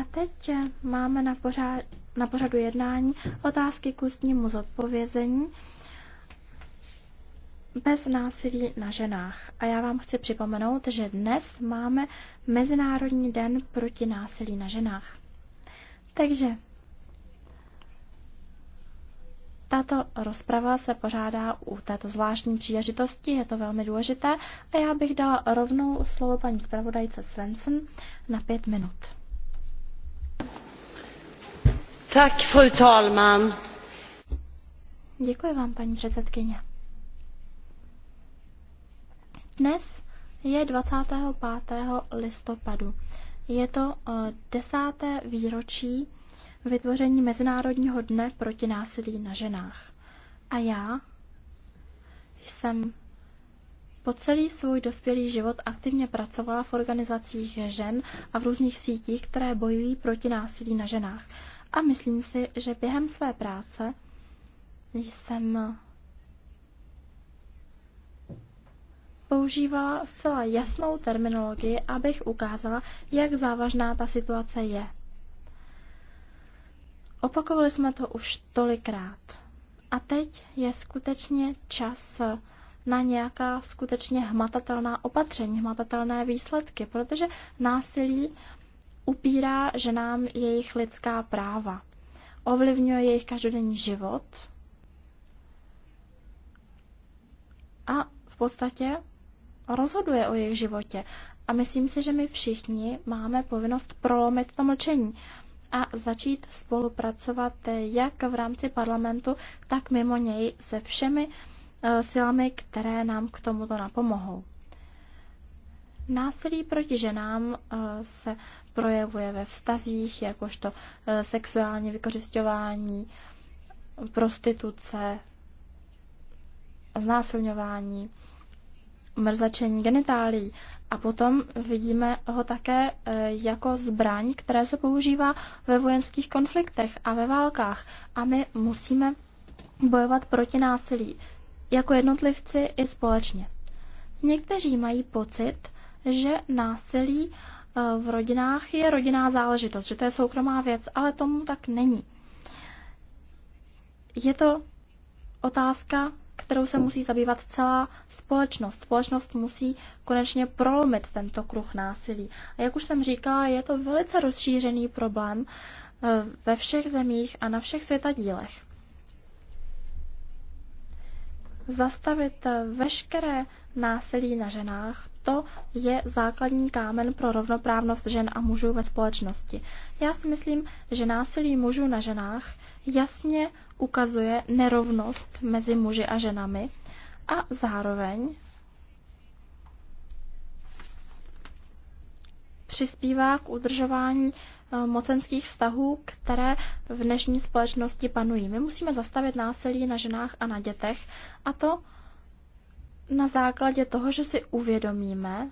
A teď eh, máme na, pořád, na pořadu jednání otázky k ústnímu zodpovězení bez násilí na ženách. A já vám chci připomenout, že dnes máme Mezinárodní den proti násilí na ženách. Takže tato rozprava se pořádá u této zvláštní příležitosti, je to velmi důležité a já bych dala rovnou slovo paní zpravodajce Svensson na pět minut. Děkuji vám, paní předsedkyně. Dnes je 25. listopadu. Je to eh, desáté výročí vytvoření Mezinárodního dne proti násilí na ženách. A já jsem po celý svůj dospělý život aktivně pracovala v organizacích žen a v různých sítích, které bojují proti násilí na ženách a myslím si, že během své práce jsem používala zcela jasnou terminologii, abych ukázala, jak závažná ta situace je. Opakovali jsme to už tolikrát. A teď je skutečně čas na nějaká skutečně hmatatelná opatření, hmatatelné výsledky, protože násilí upírá ženám jejich lidská práva, ovlivňuje jejich každodenní život a v podstatě rozhoduje o jejich životě. A myslím si, že my všichni máme povinnost prolomit to mlčení a začít spolupracovat eh, jak v rámci parlamentu, tak mimo něj se všemi eh, silami, které nám k tomuto napomohou. Násilí proti ženám eh, se projevuje ve vztazích, jakožto eh, sexuální vykořišťování, prostituce, znásilňování, mrzačení genitálí. A potom vidíme ho také eh, jako zbraň, které se používá ve vojenských konfliktech a ve válkách. A my musíme bojovat proti násilí, jako jednotlivci i společně. Někteří mají pocit, že násilí eh, v rodinách je rodinná záležitost, že to je soukromá věc, ale tomu tak není. Je to otázka, kterou se musí zabývat celá společnost. Společnost musí konečně prolomit tento kruh násilí. A jak už jsem říkala, je to velice rozšířený problém eh, ve všech zemích a na všech světadílech. Zastavit eh, veškeré násilí na ženách, to je základní kámen pro rovnoprávnost žen a mužů ve společnosti. Já si myslím, že násilí mužů na ženách jasně ukazuje nerovnost mezi muži a ženami a zároveň přispívá k udržování eh, mocenských vztahů, které v dnešní společnosti panují. My musíme zastavit násilí na ženách a na dětech a to na základě toho, že si uvědomíme,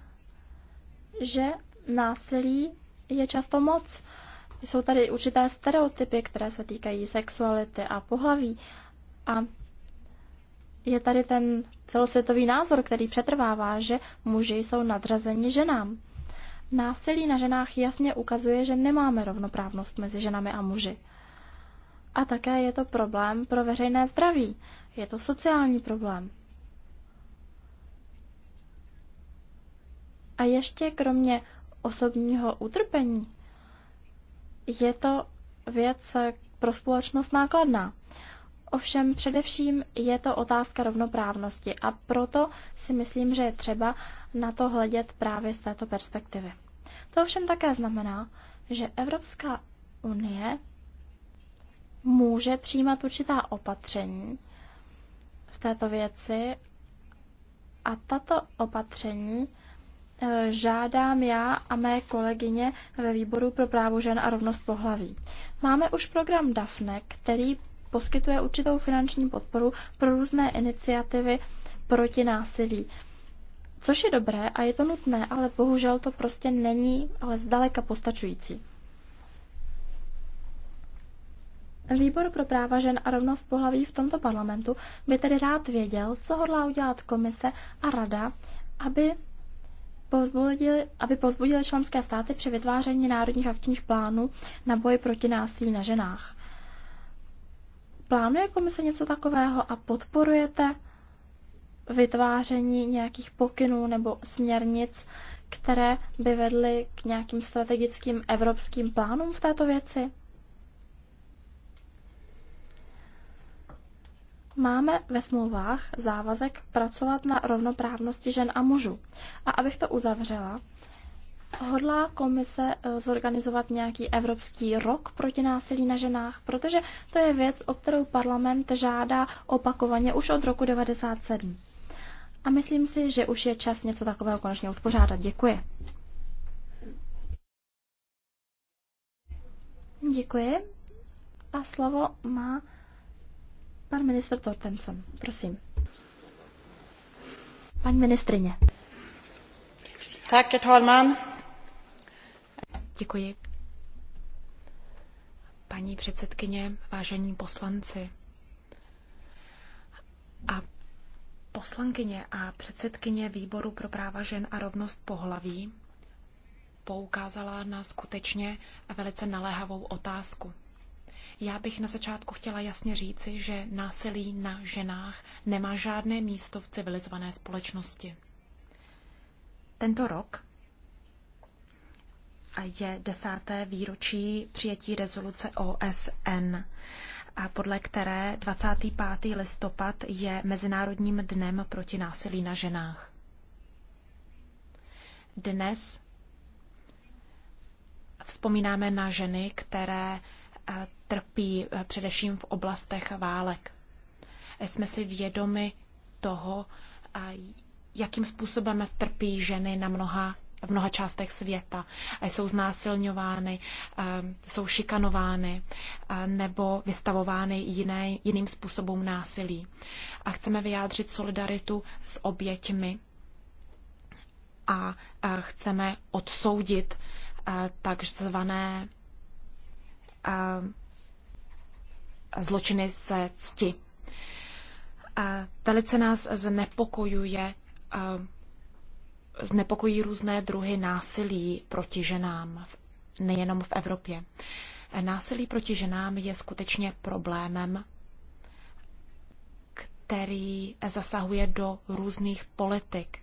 že násilí je často moc. Jsou tady určité stereotypy, které se týkají sexuality a pohlaví. A je tady ten celosvětový názor, který přetrvává, že muži jsou nadřazeni ženám. Násilí na ženách jasně ukazuje, že nemáme rovnoprávnost mezi ženami a muži. A také je to problém pro veřejné zdraví. Je to sociální problém. A ještě kromě osobního utrpení je to věc pro společnost nákladná. Ovšem především je to otázka rovnoprávnosti a proto si myslím, že je třeba na to hledět právě z této perspektivy. To ovšem také znamená, že Evropská unie může přijímat určitá opatření v této věci a tato opatření Eh, žádám já a mé kolegyně ve výboru pro právo žen a rovnost pohlaví. Máme už program DAFNE, který poskytuje určitou finanční podporu pro různé iniciativy proti násilí. Což je dobré a je to nutné, ale bohužel to prostě není, ale zdaleka postačující. Výbor pro práva žen a rovnost pohlaví v tomto parlamentu by tedy rád věděl, co hodlá udělat komise a rada, aby povzbudili, aby povzbudili členské státy při vytváření národních akčních plánů na boji proti násilí na ženách. Plánuje komise něco takového a podporujete vytváření nějakých pokynů nebo směrnic, které by vedly k nějakým strategickým evropským plánům v této věci? Máme ve smlouvách závazek pracovat na rovnoprávnosti žen a mužů. A abych to uzavřela, hodlá komise eh, zorganizovat nějaký evropský rok proti násilí na ženách, protože to je věc, o kterou parlament žádá opakovaně už od roku 1997. A myslím si, že už je čas něco takového konečně uspořádat. Děkuji. Děkuji. A slovo má Pan minister Tortenson, prosím. Paní ministrině. Tak, talman. Děkuji. Paní předsedkyně, vážení poslanci a poslankyně a předsedkyně výboru pro práva žen a rovnost pohlaví poukázala na skutečně velice naléhavou otázku. Já bych na začátku chtěla jasně říci, že násilí na ženách nemá žádné místo v civilizované společnosti. Tento rok je desáté výročí přijetí rezoluce OSN, a podle které 25. listopad je Mezinárodním dnem proti násilí na ženách. Dnes vzpomínáme na ženy, které trpí eh, především v oblastech válek. Eh, jsme si vědomi toho, jakým způsobem trpí ženy na mnoha, v mnoha částech světa. Jsou znásilňovány, ehm, jsou šikanovány nebo vystavovány jiné, jiným způsobům násilí. A chceme vyjádřit solidaritu s oběťmi a chceme odsoudit eh, takzvané zločiny se cti. Velice nás znepokojuje znepokojí různé druhy násilí proti ženám, nejenom v Evropě. Násilí proti ženám je skutečně problémem, který zasahuje do různých politik.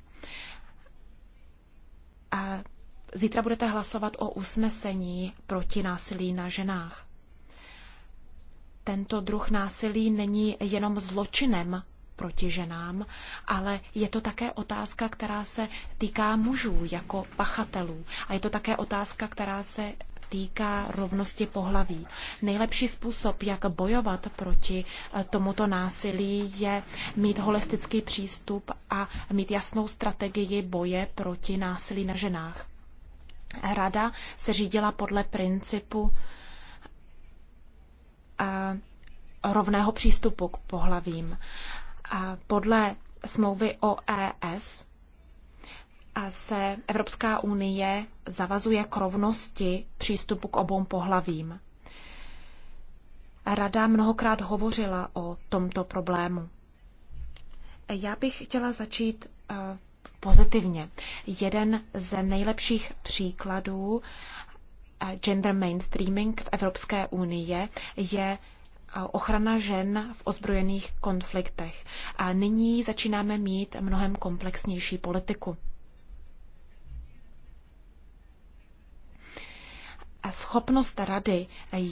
A Zítra budete hlasovat o usnesení proti násilí na ženách. Tento druh násilí není jenom zločinem proti ženám, ale je to také otázka, která se týká mužů jako pachatelů. A je to také otázka, která se týká rovnosti pohlaví. Nejlepší způsob, jak bojovat proti eh, tomuto násilí, je mít holistický přístup a mít jasnou strategii boje proti násilí na ženách. Rada se řídila podle principu eh, rovného přístupu k pohlavím. Podle smlouvy o ES se Evropská unie zavazuje k rovnosti přístupu k obou pohlavím. Rada mnohokrát hovořila o tomto problému. Já bych chtěla začít eh, pozitivně. Jeden z nejlepších příkladů eh, gender mainstreaming v Evropské unii je eh, ochrana žen v ozbrojených konfliktech. A nyní začínáme mít mnohem komplexnější politiku. Schopnost rady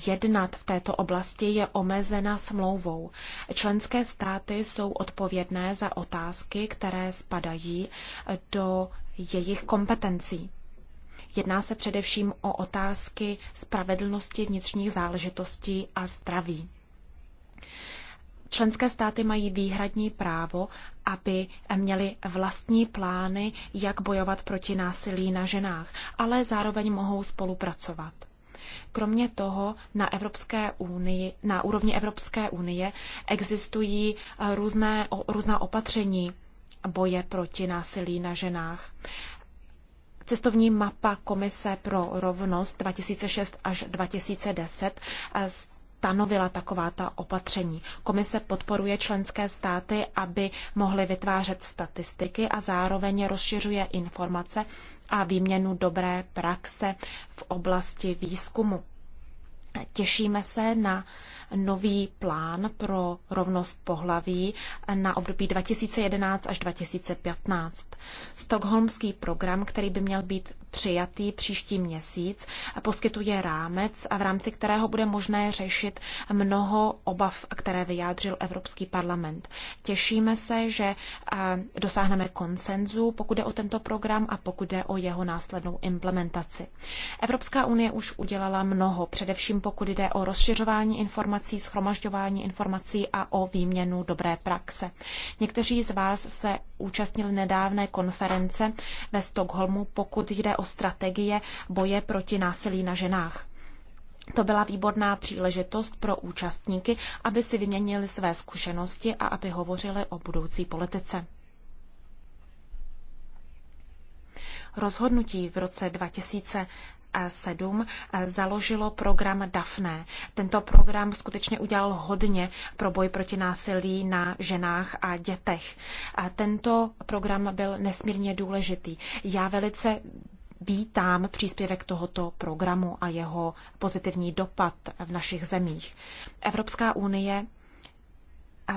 jednat v této oblasti je omezena smlouvou. Členské státy jsou odpovědné za otázky, které spadají do jejich kompetencí. Jedná se především o otázky spravedlnosti vnitřních záležitostí a zdraví. Členské státy mají výhradní právo, aby měly vlastní plány, jak bojovat proti násilí na ženách, ale zároveň mohou spolupracovat. Kromě toho na, Evropské unii, na úrovni Evropské unie existují eh, různé, různá opatření boje proti násilí na ženách. Cestovní mapa Komise pro rovnost 2006 až 2010 stanovila taková ta opatření. Komise podporuje členské státy, aby mohly vytvářet statistiky a zároveň rozšiřuje informace a výměnu dobré praxe v oblasti výzkumu. Těšíme se na nový plán pro rovnost pohlaví na období 2011 až 2015. Stockholmský program, který by měl být přijatý příští měsíc, poskytuje rámec, v rámci kterého bude možné řešit mnoho obav, které vyjádřil Evropský parlament. Těšíme se, že dosáhneme konsenzu, pokud jde o tento program a pokud jde o jeho následnou implementaci. Evropská unie už udělala mnoho, především pokud jde o rozšiřování informací, schromažďování informací a o výměnu dobré praxe. Někteří z vás se účastnili nedávné konference ve Stockholmu, pokud jde o strategie boje proti násilí na ženách. To byla výborná příležitost pro účastníky, aby si vyměnili své zkušenosti a aby hovořili o budoucí politice. Rozhodnutí v roce 2000 7 eh, založilo program DAFNE. Tento program skutečně udělal hodně pro boj proti násilí na ženách a dětech. Tento program byl nesmírně důležitý. Já velice vítám příspěvek tohoto programu a jeho pozitivní dopad v našich zemích. Evropská unie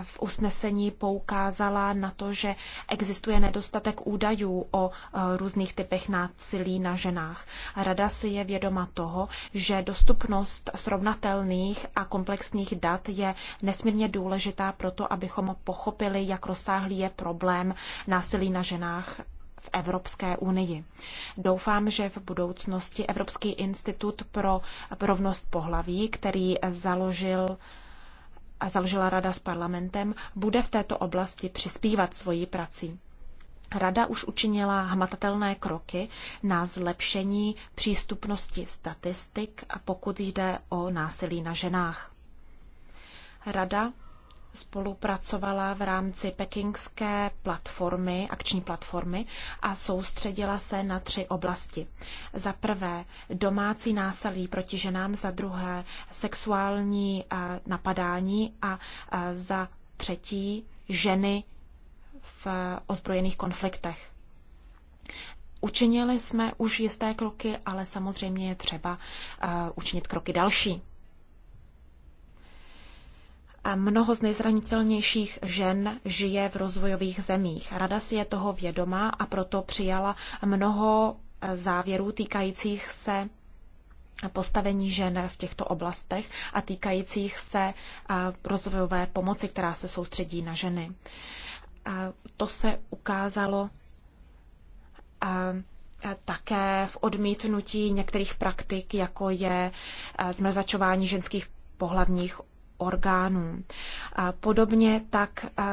v usnesení poukázala na to, že existuje nedostatek údajů o e, různých typech násilí na ženách. Rada si je vědoma toho, že dostupnost srovnatelných a komplexních dat je nesmírně důležitá pro to, abychom pochopili, jak rozsáhlý je problém násilí na ženách v Evropské unii. Doufám, že v budoucnosti Evropský institut pro rovnost pohlaví, který založil a založila Rada s parlamentem, bude v této oblasti přispívat svoji prací. Rada už učinila hmatatelné kroky na zlepšení přístupnosti statistik, pokud jde o násilí na ženách. Rada spolupracovala v rámci pekingské platformy, akční platformy a soustředila se na tři oblasti. Za prvé domácí násilí proti ženám, za druhé sexuální eh, napadání a eh, za třetí ženy v eh, ozbrojených konfliktech. Učinili jsme už jisté kroky, ale samozřejmě je třeba učinit kroky další. Mnoho z nejzranitelnějších žen žije v rozvojových zemích. Rada si je toho vědomá a proto přijala mnoho eh, závěrů týkajících se postavení žen v těchto oblastech a týkajících se eh, rozvojové pomoci, která se soustředí na ženy. To se ukázalo eh, také v odmítnutí některých praktik, jako je zmrzačování ženských pohlavních orgánům. Podobně tak eh,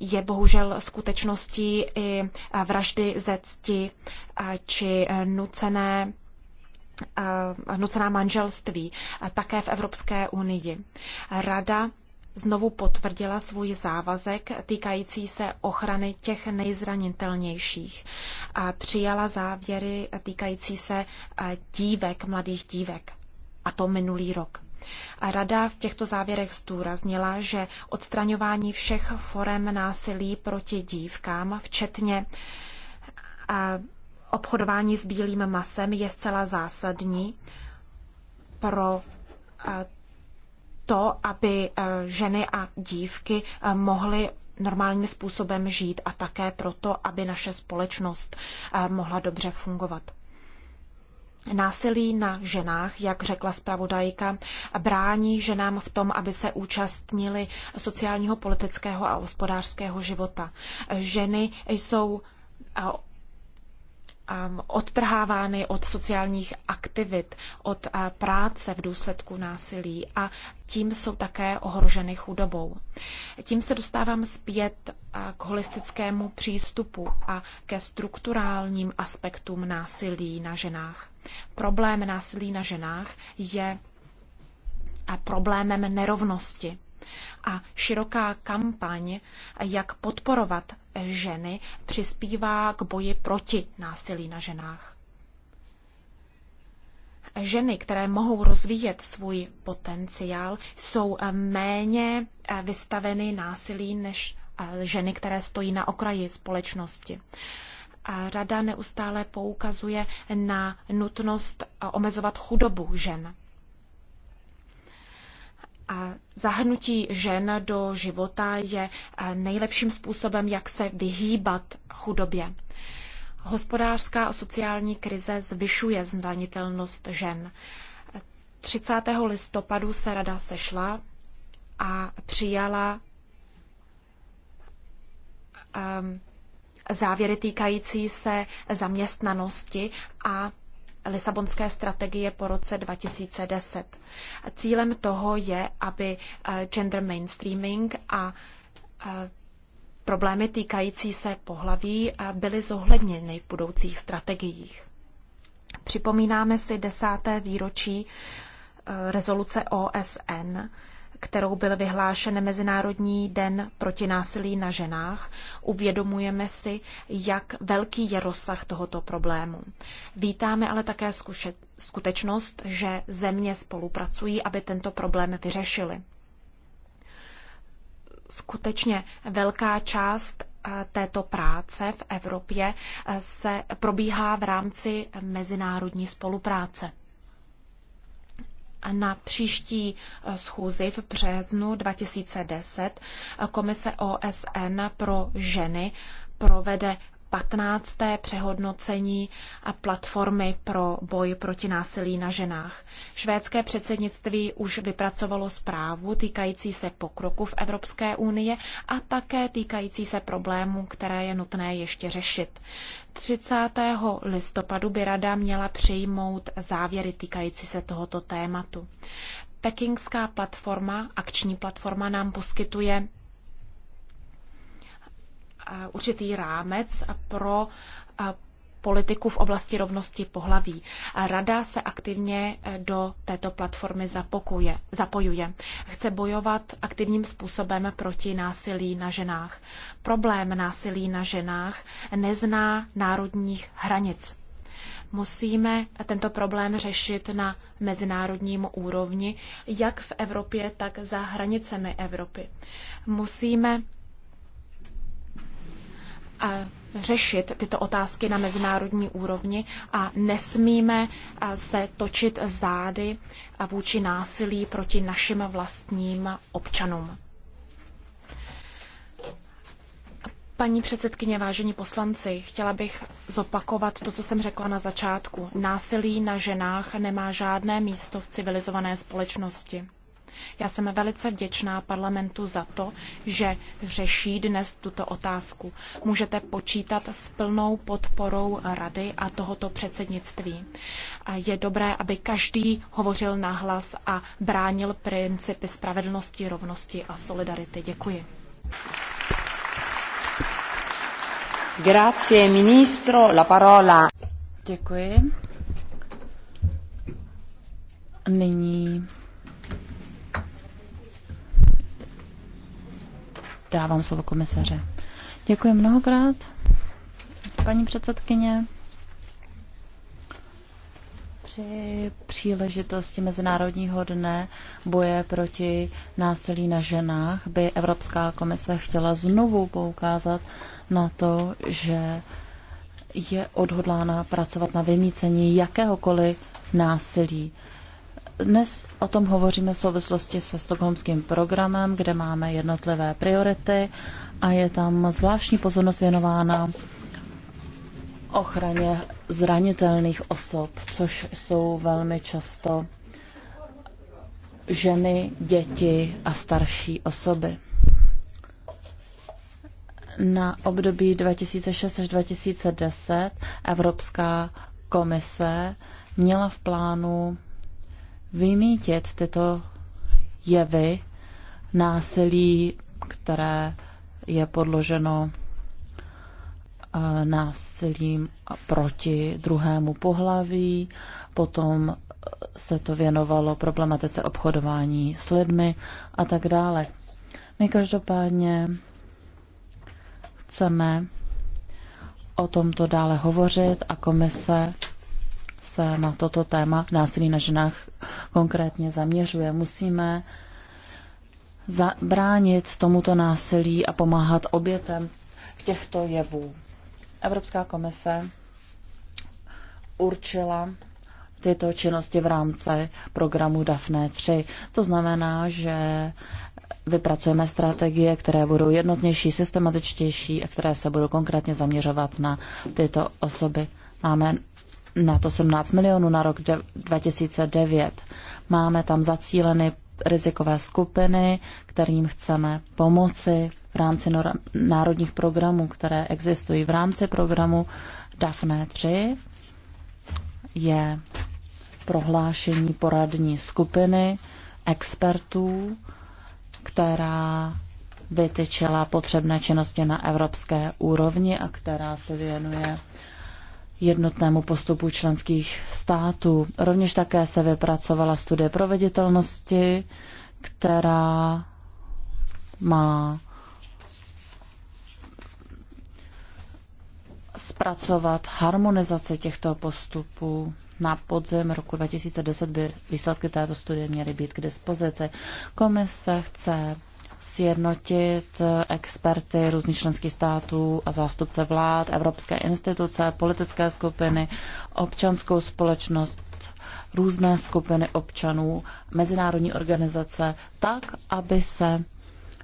je bohužel skutečností i eh, vraždy ze cti eh, či nucené nucená manželství také v Evropské unii. Rada znovu potvrdila svůj závazek týkající se ochrany těch nejzranitelnějších a přijala závěry týkající se dívek, mladých dívek. A to minulý rok. A rada v těchto závěrech zdůraznila, že odstraňování všech forem násilí proti dívkám, včetně obchodování s bílým masem, je zcela zásadní pro to, aby ženy a dívky mohly normálním způsobem žít a také proto, aby naše společnost mohla dobře fungovat. Násilí na ženách, jak řekla zpravodajka, brání ženám v tom, aby se účastnili sociálního, politického a hospodářského života. Ženy jsou Um, odtrhávány od sociálních aktivit, od uh, práce v důsledku násilí a tím jsou také ohroženy chudobou. Tím se dostávám zpět uh, k holistickému přístupu a ke strukturálním aspektům násilí na ženách. Problém násilí na ženách je uh, problémem nerovnosti. A široká kampaň, jak podporovat ženy, přispívá k boji proti násilí na ženách. Ženy, které mohou rozvíjet svůj potenciál, jsou méně vystaveny násilí než ženy, které stojí na okraji společnosti. Rada neustále poukazuje na nutnost omezovat chudobu žen. Zahrnutí žen do života je eh, nejlepším způsobem, jak se vyhýbat chudobě. Hospodářská a sociální krize zvyšuje zranitelnost žen. 30. listopadu se rada sešla a přijala ehm, závěry týkající se zaměstnanosti a Lisabonské strategie po roce 2010. Cílem toho je, aby eh, gender mainstreaming a eh, problémy týkající se pohlaví eh, byly zohledněny v budoucích strategiích. Připomínáme si desáté výročí rezoluce OSN kterou byl vyhlášen Mezinárodní den proti násilí na ženách, uvědomujeme si, jak velký je rozsah tohoto problému. Vítáme ale také skutečnost, že země spolupracují, aby tento problém vyřešili. Skutečně velká část eh, této práce v Evropě eh, se probíhá v rámci mezinárodní spolupráce na příští eh, schůzi v březnu 2010 eh, Komise OSN pro ženy provede 15. přehodnocení a platformy pro boj proti násilí na ženách. Švédské předsednictví už vypracovalo zprávu týkající se pokroku v Evropské unii a také týkající se problémů, které je nutné ještě řešit. 30. listopadu by rada měla přijmout závěry týkající se tohoto tématu. Pekingská platforma, akční platforma nám poskytuje určitý rámec pro politiku v oblasti rovnosti pohlaví. Rada se aktivně e, do této platformy zapokuje, zapojuje. Chce bojovat aktivním způsobem proti násilí na ženách. Problém násilí na ženách nezná národních hranic. Musíme tento problém řešit na mezinárodním úrovni, jak v Evropě, tak za hranicemi Evropy. Musíme řešit tyto otázky na mezinárodní úrovni a nesmíme se točit zády vůči násilí proti našim vlastním občanům. Paní předsedkyně, vážení poslanci, chtěla bych zopakovat to, co jsem řekla na začátku. Násilí na ženách nemá žádné místo v civilizované společnosti. Já jsem velice vděčná parlamentu za to, že řeší dnes tuto otázku. Můžete počítat s plnou podporou rady a tohoto předsednictví. Je dobré, aby každý hovořil nahlas a bránil principy spravedlnosti, rovnosti a solidarity. Děkuji. Grazie, ministro. La parola. Děkuji. Nyní dávám slovo komisaře. Děkuji mnohokrát, paní předsedkyně. Při příležitosti Mezinárodního dne boje proti násilí na ženách by Evropská komise chtěla znovu poukázat na to, že je odhodlána pracovat na vymícení jakéhokoliv násilí. Dnes o tom hovoříme v souvislosti se stokholmským programem, kde máme jednotlivé priority a je tam zvláštní pozornost věnována ochraně zranitelných osob, což jsou velmi často ženy, děti a starší osoby. Na období 2006 až 2010 Evropská komise měla v plánu vymítit tyto jevy násilí, které je podloženo eh, násilím proti druhému pohlaví, potom se to věnovalo problematice obchodování s lidmi a tak dále. My každopádně chceme o tomto dále hovořit a komise se na toto téma násilí na ženách konkrétně zaměřuje. Musíme zabránit tomuto násilí a pomáhat obětem těchto jevů. Evropská komise určila tyto činnosti v rámci programu DAFNE 3. To znamená, že vypracujeme strategie, které budou jednotnější, systematičtější a které se budou konkrétně zaměřovat na tyto osoby. Máme na to 17 milionů na rok 2009. Máme tam zacíleny rizikové skupiny, kterým chceme pomoci v rámci národních programů, které existují. V rámci programu DAFNE 3 je prohlášení poradní skupiny expertů, která vytyčila potřebné činnosti na evropské úrovni a která se věnuje jednotnému postupu členských států. Rovněž také se vypracovala studie proveditelnosti, která má zpracovat harmonizaci těchto postupů. Na podzim roku 2010 by výsledky této studie měly být k dispozici. Komise chce sjednotit experty různých členských států a zástupce vlád, evropské instituce, politické skupiny, občanskou společnost, různé skupiny občanů, mezinárodní organizace, tak, aby se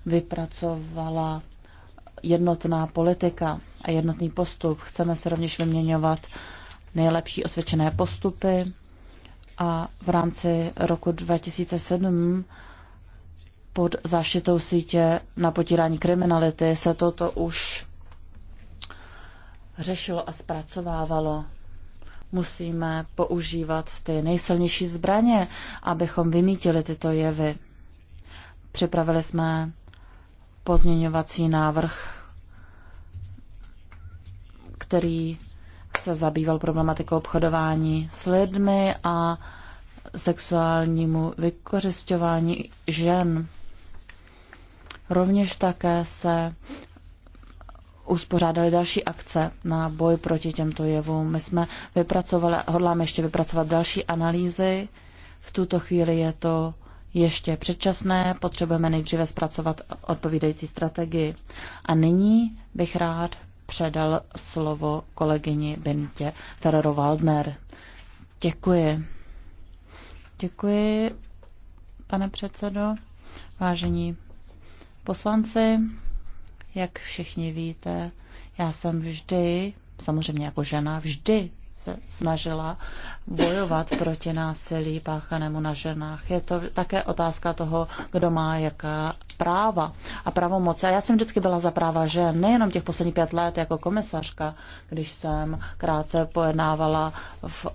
vypracovala jednotná politika a jednotný postup. Chceme se rovněž vyměňovat nejlepší osvědčené postupy a v rámci roku 2007 pod zaštitou sítě na potírání kriminality se toto už řešilo a zpracovávalo. Musíme používat ty nejsilnější zbraně, abychom vymítili tyto jevy. Připravili jsme pozměňovací návrh, který se zabýval problematikou obchodování s lidmi a sexuálnímu vykořišťování žen. Rovněž také se uspořádali další akce na boj proti těmto jevům. My jsme vypracovali, hodláme ještě vypracovat další analýzy. V tuto chvíli je to ještě předčasné, potřebujeme nejdříve zpracovat odpovídající strategii. A nyní bych rád předal slovo kolegyni Bentě Ferrero-Waldner. Děkuji. Děkuji, pane předsedo, vážení poslanci, jak všichni víte, já jsem vždy, samozřejmě jako žena, vždy se snažila bojovat proti násilí páchanému na ženách. Je to také otázka toho, kdo má jaká práva a pravomoce. A já jsem vždycky byla za práva žen, nejenom těch posledních pět let jako komisařka, když jsem krátce pojednávala v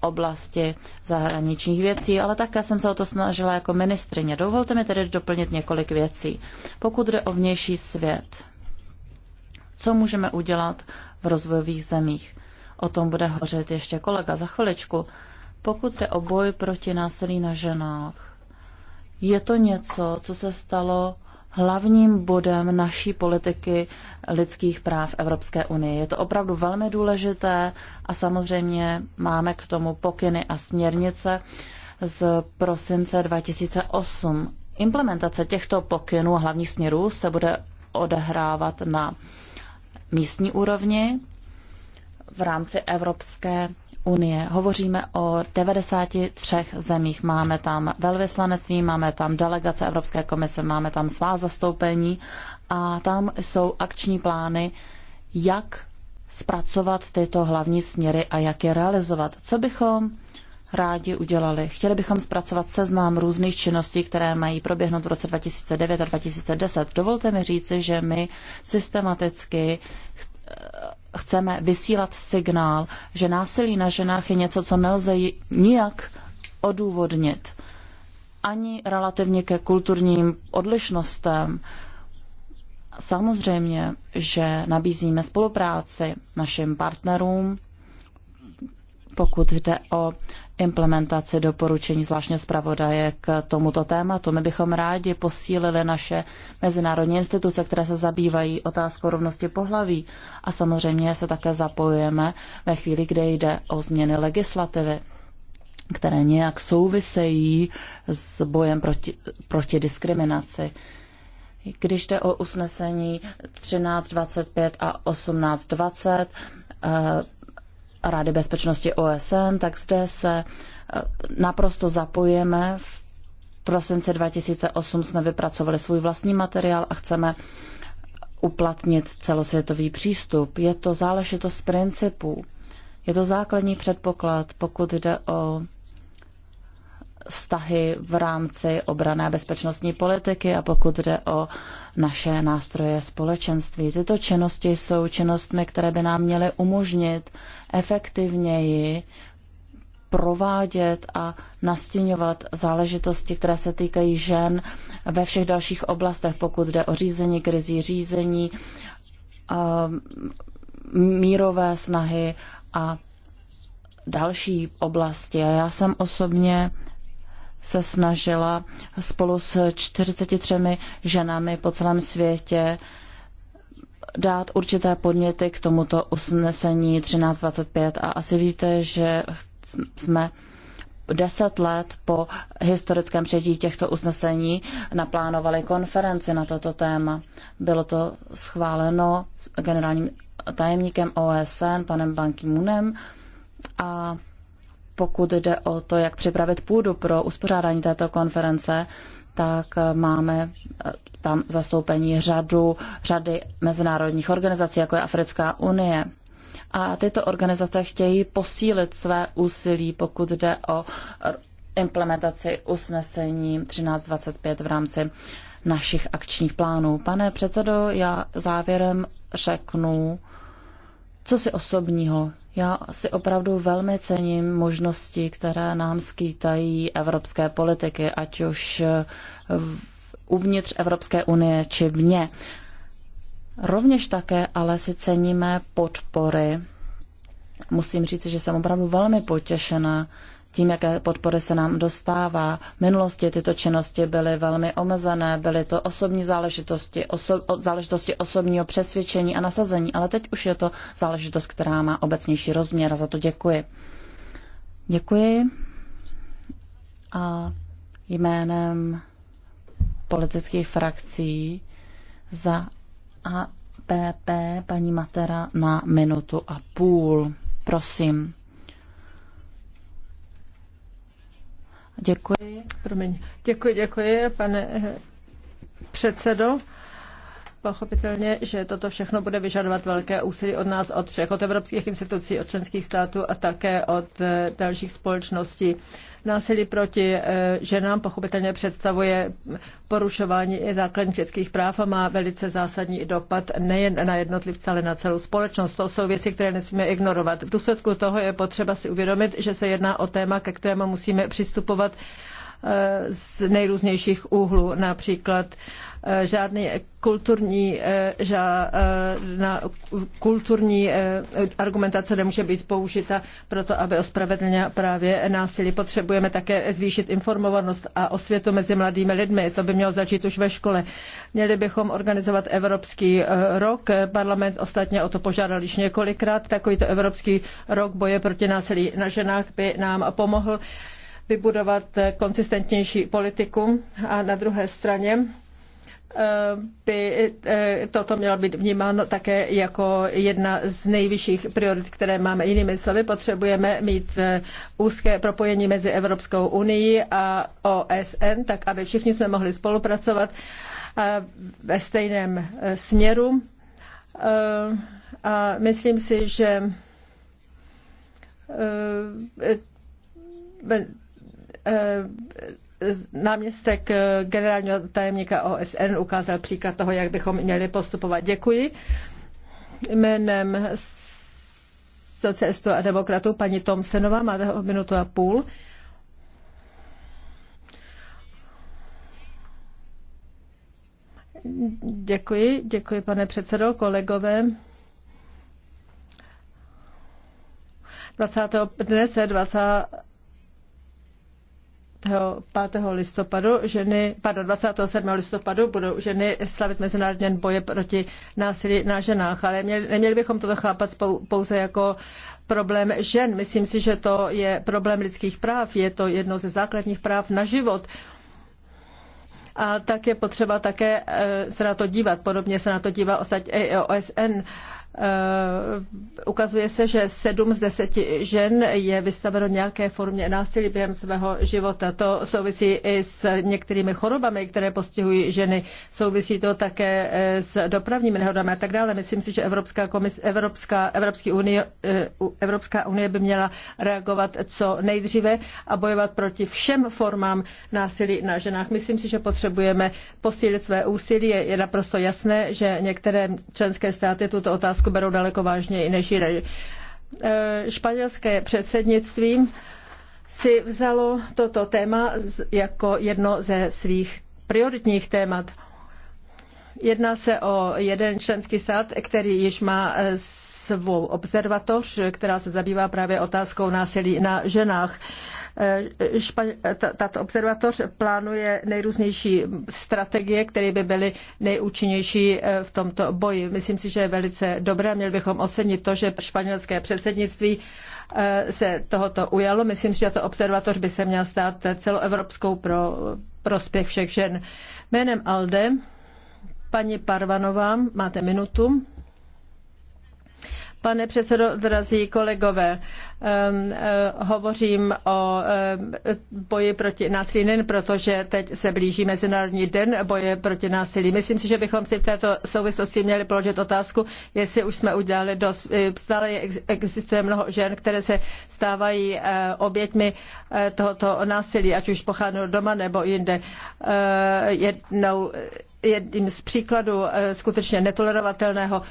oblasti zahraničních věcí, ale také jsem se o to snažila jako ministrině. Dovolte mi tedy doplnit několik věcí. Pokud jde o vnější svět, co můžeme udělat v rozvojových zemích? O tom bude hořet ještě kolega za chviličku. Pokud jde o boj proti násilí na ženách, je to něco, co se stalo hlavním bodem naší politiky lidských práv Evropské unie. Je to opravdu velmi důležité a samozřejmě máme k tomu pokyny a směrnice z prosince 2008. Implementace těchto pokynů a hlavních směrů se bude odehrávat na místní úrovni v rámci Evropské unie. Hovoříme o 93 zemích. Máme tam velvyslanectví, máme tam delegace Evropské komise, máme tam svá zastoupení a tam jsou akční plány, jak zpracovat tyto hlavní směry a jak je realizovat. Co bychom rádi udělali? Chtěli bychom zpracovat seznam různých činností, které mají proběhnout v roce 2009 a 2010. Dovolte mi říci, že my systematicky chceme vysílat signál, že násilí na ženách je něco, co nelze nijak odůvodnit. Ani relativně ke kulturním odlišnostem. Samozřejmě, že nabízíme spolupráci našim partnerům, pokud jde o implementaci doporučení zvláštně zpravodaje k tomuto tématu. My bychom rádi posílili naše mezinárodní instituce, které se zabývají otázkou rovnosti pohlaví a samozřejmě se také zapojujeme ve chvíli, kde jde o změny legislativy které nějak souvisejí s bojem proti, proti diskriminaci. Když jde o usnesení 1325 a 1820, Rady bezpečnosti OSN, tak zde se e, naprosto zapojíme. V prosince 2008 jsme vypracovali svůj vlastní materiál a chceme uplatnit celosvětový přístup. Je to záležitost principů. Je to základní předpoklad, pokud jde o vztahy v rámci obrané bezpečnostní politiky a pokud jde o naše nástroje společenství. Tyto činnosti jsou činnostmi, které by nám měly umožnit efektivněji provádět a nastěňovat záležitosti, které se týkají žen ve všech dalších oblastech, pokud jde o řízení krizí, řízení, ehm, mírové snahy a další oblasti. A já jsem osobně se snažila spolu s 43 ženami po celém světě dát určité podněty k tomuto usnesení 1325 a asi víte, že jsme deset let po historickém přijetí těchto usnesení naplánovali konferenci na toto téma. Bylo to schváleno s generálním tajemníkem OSN, panem Ban Ki-moonem a pokud jde o to, jak připravit půdu pro uspořádání této konference, tak eh, máme eh, tam zastoupení řadu, řady mezinárodních organizací, jako je Africká unie. A tyto organizace chtějí posílit své úsilí, pokud jde o implementaci usnesení 1325 v rámci našich akčních plánů. Pane předsedo, já závěrem řeknu, co si osobního? Já si opravdu velmi cením možnosti, které nám skýtají evropské politiky, ať už uvnitř Evropské unie či vně. Rovněž také ale si ceníme podpory. Musím říct, že jsem opravdu velmi potěšena tím, jaké podpory se nám dostává. V minulosti tyto činnosti byly velmi omezené, byly to osobní záležitosti, oso, záležitosti osobního přesvědčení a nasazení, ale teď už je to záležitost, která má obecnější rozměr a za to děkuji. Děkuji a jménem politických frakcí za APP paní Matera na minutu a půl. Prosím. Děkuji. Promiň. Děkuji, děkuji, pane eh, předsedo. Pochopitelně, že toto všechno bude vyžadovat velké úsilí od nás, od všech, od evropských institucí, od členských států a také od eh, dalších společností. Násilí proti eh, ženám pochopitelně představuje porušování i základních lidských práv a má velice zásadní dopad nejen na jednotlivce, ale na celou společnost. To jsou věci, které nesmíme ignorovat. V důsledku toho je potřeba si uvědomit, že se jedná o téma, ke kterému musíme přistupovat Eh, z nejrůznějších úhlů, například eh, žádný kulturní, eh, žádná kulturní argumentace nemůže být použita proto, aby ospravedlnila právě násilí. Potřebujeme také zvýšit informovanost a osvětu mezi mladými lidmi. To by mělo začít už ve škole. Měli bychom organizovat Evropský rok. Parlament ostatně o to požádal již několikrát. Takovýto Evropský rok boje proti násilí na ženách by nám pomohl vybudovat konsistentnější politiku a na druhé straně eh, by eh, toto mělo být vnímáno také jako jedna z nejvyšších priorit, které máme. Jinými slovy, potřebujeme mít eh, úzké propojení mezi Evropskou unii a OSN, tak aby všichni jsme mohli spolupracovat ve stejném směru. A myslím si, že Eh, náměstek eh, generálního tajemníka OSN ukázal příklad toho, jak bychom měli postupovat. Děkuji. Jménem socialistů a demokratů paní Tomsenová, máte minutu a půl. Děkuji, děkuji pane předsedo, kolegové. 20. dnes je 20. 5. listopadu ženy, pardon, 27. listopadu budou ženy slavit Mezinárodní boje proti násilí na ženách, ale měli, neměli bychom toto chápat spou, pouze jako problém žen. Myslím si, že to je problém lidských práv, je to jedno ze základních práv na život. A tak je potřeba také eh, se na to dívat. Podobně se na to dívá ostatně OSN Eh, ukazuje se, že sedm z deseti žen je vystaveno nějaké formě násilí během svého života. To souvisí i s některými chorobami, které postihují ženy. Souvisí to také eh, s dopravními nehodami a tak dále. Myslím si, že Evropská, komis, Evropská, Evropský unie, eh, Evropská unie by měla reagovat co nejdříve a bojovat proti všem formám násilí na ženách. Myslím si, že potřebujeme posílit své úsilí. Je naprosto jasné, že některé členské státy tuto otázku Španělsku berou daleko vážněji než jiné. E, španělské předsednictví si vzalo toto téma jako jedno ze svých prioritních témat. Jedná se o jeden členský stát, který již má e, svou observatoř, která se zabývá právě otázkou násilí na ženách. Eh, tato observatoř plánuje nejrůznější strategie, které by byly nejúčinnější eh, v tomto boji. Myslím si, že je velice dobré měli bychom ocenit to, že španělské předsednictví eh, se tohoto ujalo. Myslím, si, že tato observatoř by se měla stát celoevropskou pro prospěch všech žen. Jménem ALDE, paní Parvanová, máte minutu. Pane předsedo, drazí kolegové, eh, hovořím o eh, boji proti násilí nejen proto, že teď se blíží Mezinárodní den boje proti násilí. Myslím si, že bychom si v této souvislosti měli položit otázku, jestli už jsme udělali dost. Eh, stále existuje mnoho žen, které se stávají oběťmi tohoto násilí, ať už pochádnou doma nebo jinde. Jednou jedním z příkladů skutečně netolerovatelného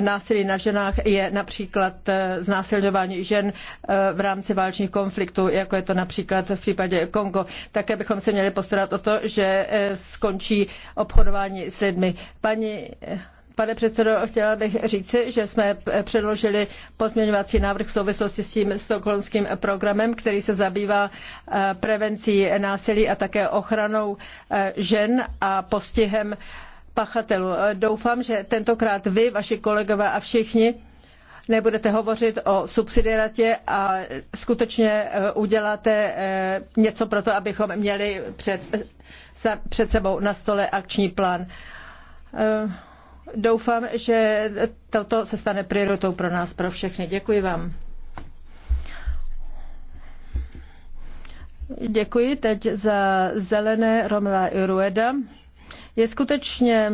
násilí na ženách je například eh, znásilňování žen eh, v rámci válečných konfliktů, jako je to například v případě Kongo. Také bychom se měli postarat o to, že eh, skončí obchodování s lidmi. Paní Pane předsedo, chtěla bych říci, že jsme předložili pozměňovací návrh v souvislosti s tím stokholmským programem, který se zabývá prevencí násilí a také ochranou žen a postihem pachatelů. Doufám, že tentokrát vy, vaši kolegové a všichni nebudete hovořit o subsidiaritě a skutečně eh, uděláte eh, něco pro to, abychom měli před, před sebou na stole akční plán. Eh, doufám, že toto se stane prioritou pro nás, pro všechny. Děkuji vám. Děkuji teď za zelené Romeva Rueda. Je skutečně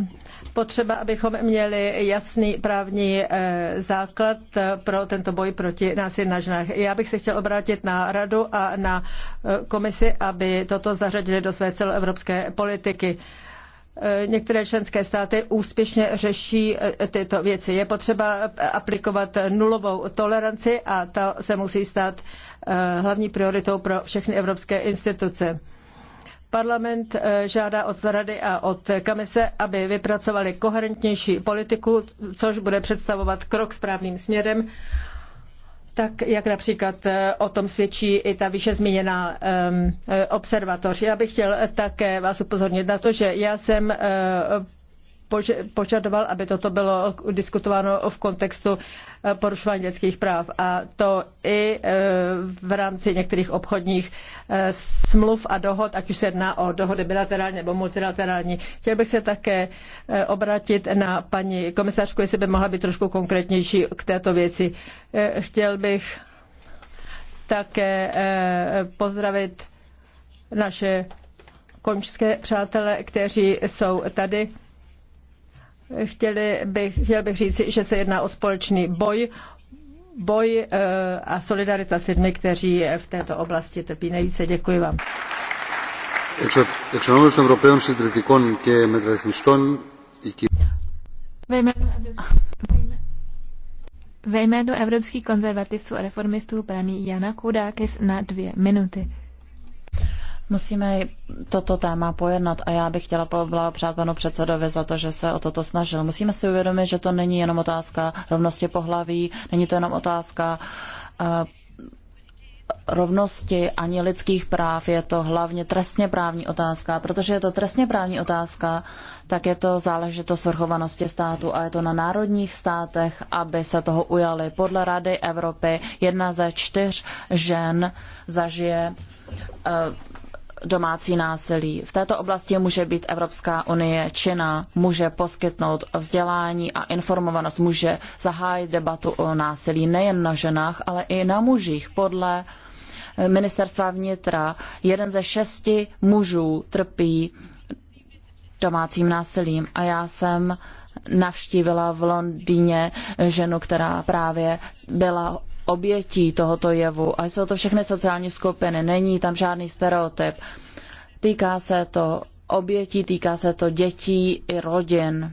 potřeba, abychom měli jasný právní eh, základ pro tento boj proti násilí na ženách. Já bych se chtěl obrátit na radu a na eh, komisi, aby toto zařadili do své celoevropské politiky eh, některé členské státy úspěšně řeší tyto věci. Je potřeba aplikovat nulovou toleranci a ta se musí stát hlavní prioritou pro všechny evropské instituce. Parlament eh, žádá od Rady a od Komise, aby vypracovali koherentnější politiku, což bude představovat krok správným směrem, tak jak například eh, o tom svědčí i ta výše zmíněná ehm, eh, observatoř. Já bych chtěl také vás upozornit na to, že já jsem požadoval, aby toto bylo diskutováno v kontextu eh, porušování dětských práv. A to i eh, v rámci některých obchodních eh, smluv a dohod, ať už se jedná o dohody bilaterální nebo multilaterální. Chtěl bych se také obratit na paní komisařku, jestli by mohla být trošku konkrétnější k této věci. Chtěl bych také pozdravit naše končské přátelé, kteří jsou tady. Chtěli bych, chtěl bych říci, že se jedná o společný boj, boj eh, a solidarita s lidmi, kteří v této oblasti trpí nejvíce. Děkuji vám. Ve jménu evropských konzervativců a reformistů praní Jana Kudákis na dvě minuty. Musíme toto téma pojednat a já bych chtěla poblahopřát panu předsedovi za to, že se o toto snažil. Musíme si uvědomit, že to není jenom otázka rovnosti pohlaví, není to jenom otázka eh, rovnosti ani lidských práv, je to hlavně trestně právní otázka. Protože je to trestně právní otázka, tak je to záležitost svrchovanosti státu a je to na národních státech, aby se toho ujali. Podle Rady Evropy jedna ze čtyř žen zažije eh, domácí násilí. V této oblasti může být Evropská unie činná, může poskytnout vzdělání a informovanost, může zahájit debatu o násilí nejen na ženách, ale i na mužích podle ministerstva vnitra. Jeden ze šesti mužů trpí domácím násilím a já jsem navštívila v Londýně ženu, která právě byla obětí tohoto jevu. A jsou to všechny sociální skupiny, není tam žádný stereotyp. Týká se to obětí, týká se to dětí i rodin.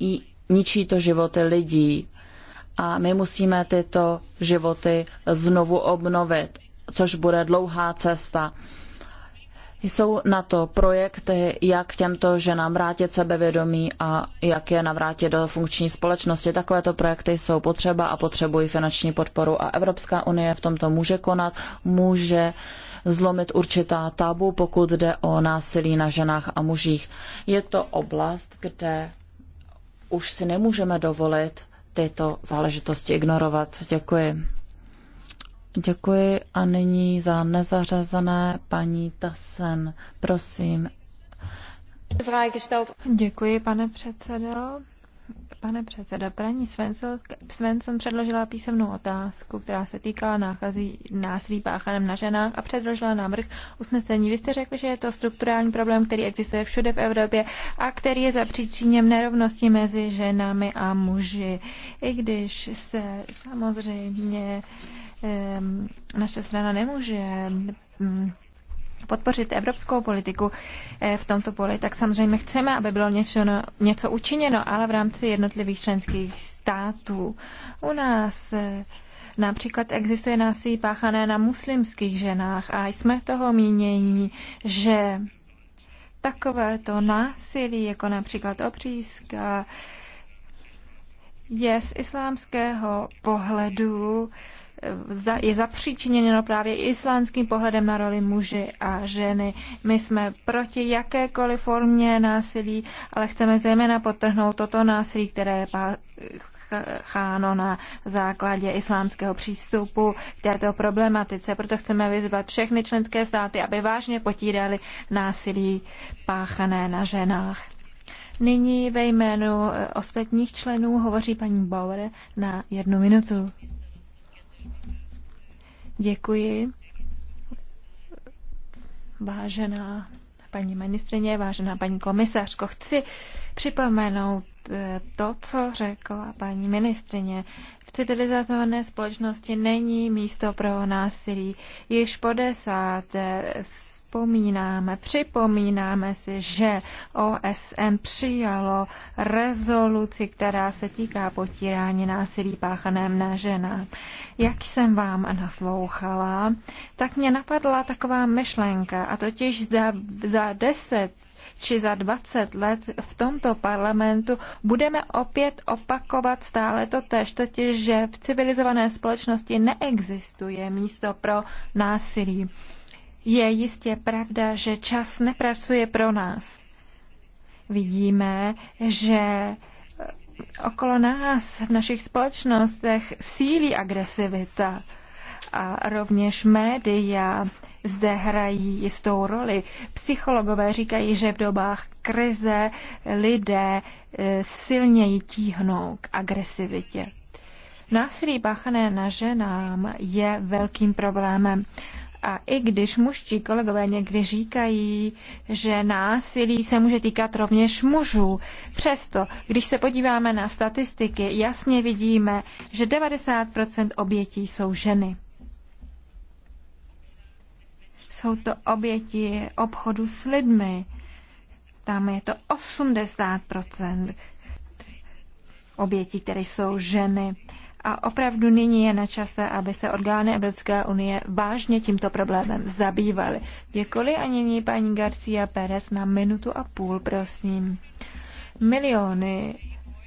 I ničí to životy lidí. A my musíme tyto životy znovu obnovit, což bude dlouhá cesta. Jsou na to projekty, jak těmto ženám vrátit sebevědomí a jak je navrátit do funkční společnosti. Takovéto projekty jsou potřeba a potřebují finanční podporu a Evropská unie v tomto může konat, může zlomit určitá tabu, pokud jde o násilí na ženách a mužích. Je to oblast, kde už si nemůžeme dovolit tyto záležitosti ignorovat. Děkuji. Děkuji a nyní za nezařazené paní Tasen. Prosím. Děkuji, pane předsedo. Pane předseda, paní Svensson předložila písemnou otázku, která se týkala nákazí násilí páchaném na ženách a předložila návrh usnesení. Vy jste řekl, že je to strukturální problém, který existuje všude v Evropě a který je zapříčiněm nerovnosti mezi ženami a muži. I když se samozřejmě naše strana nemůže mm, podpořit evropskou politiku eh, v tomto poli, tak samozřejmě chceme, aby bylo něco, něco učiněno, ale v rámci jednotlivých členských států. U nás eh, Například existuje násilí páchané na muslimských ženách a jsme toho mínění, že takovéto násilí, jako například opříska, je z islámského pohledu je zapříčiněno právě islánským pohledem na roli muži a ženy. My jsme proti jakékoliv formě násilí, ale chceme zejména potrhnout toto násilí, které je cháno na základě islámského přístupu k této problematice. Proto chceme vyzvat všechny členské státy, aby vážně potírali násilí páchané na ženách. Nyní ve jménu eh, ostatních členů hovoří paní Bauer na jednu minutu. Děkuji. Vážená paní ministrině, vážená paní komisařko, chci připomenout eh, to, co řekla paní ministrině. V civilizované společnosti není místo pro násilí. Již po desáté připomínáme, připomínáme si, že OSN přijalo rezoluci, která se týká potírání násilí páchaném na ženách. Jak jsem vám naslouchala, tak mě napadla taková myšlenka, a totiž za, za deset či za 20 let v tomto parlamentu budeme opět opakovat stále to tež, totiž, že v civilizované společnosti neexistuje místo pro násilí. Je jistě pravda, že čas nepracuje pro nás. Vidíme, že eh, okolo nás v našich společnostech sílí agresivita a rovněž média zde hrají jistou roli. Psychologové říkají, že v dobách krize lidé eh, silněji tíhnou k agresivitě. Násilí páchané na ženám je velkým problémem. A i když muští kolegové někdy říkají, že násilí se může týkat rovněž mužů, přesto, když se podíváme na statistiky, jasně vidíme, že 90% obětí jsou ženy. Jsou to oběti obchodu s lidmi. Tam je to 80% obětí, které jsou ženy. A opravdu nyní je na čase, aby se orgány Evropské unie vážně tímto problémem zabývaly. Děkuji a nyní paní Garcia Pérez na minutu a půl, prosím. Miliony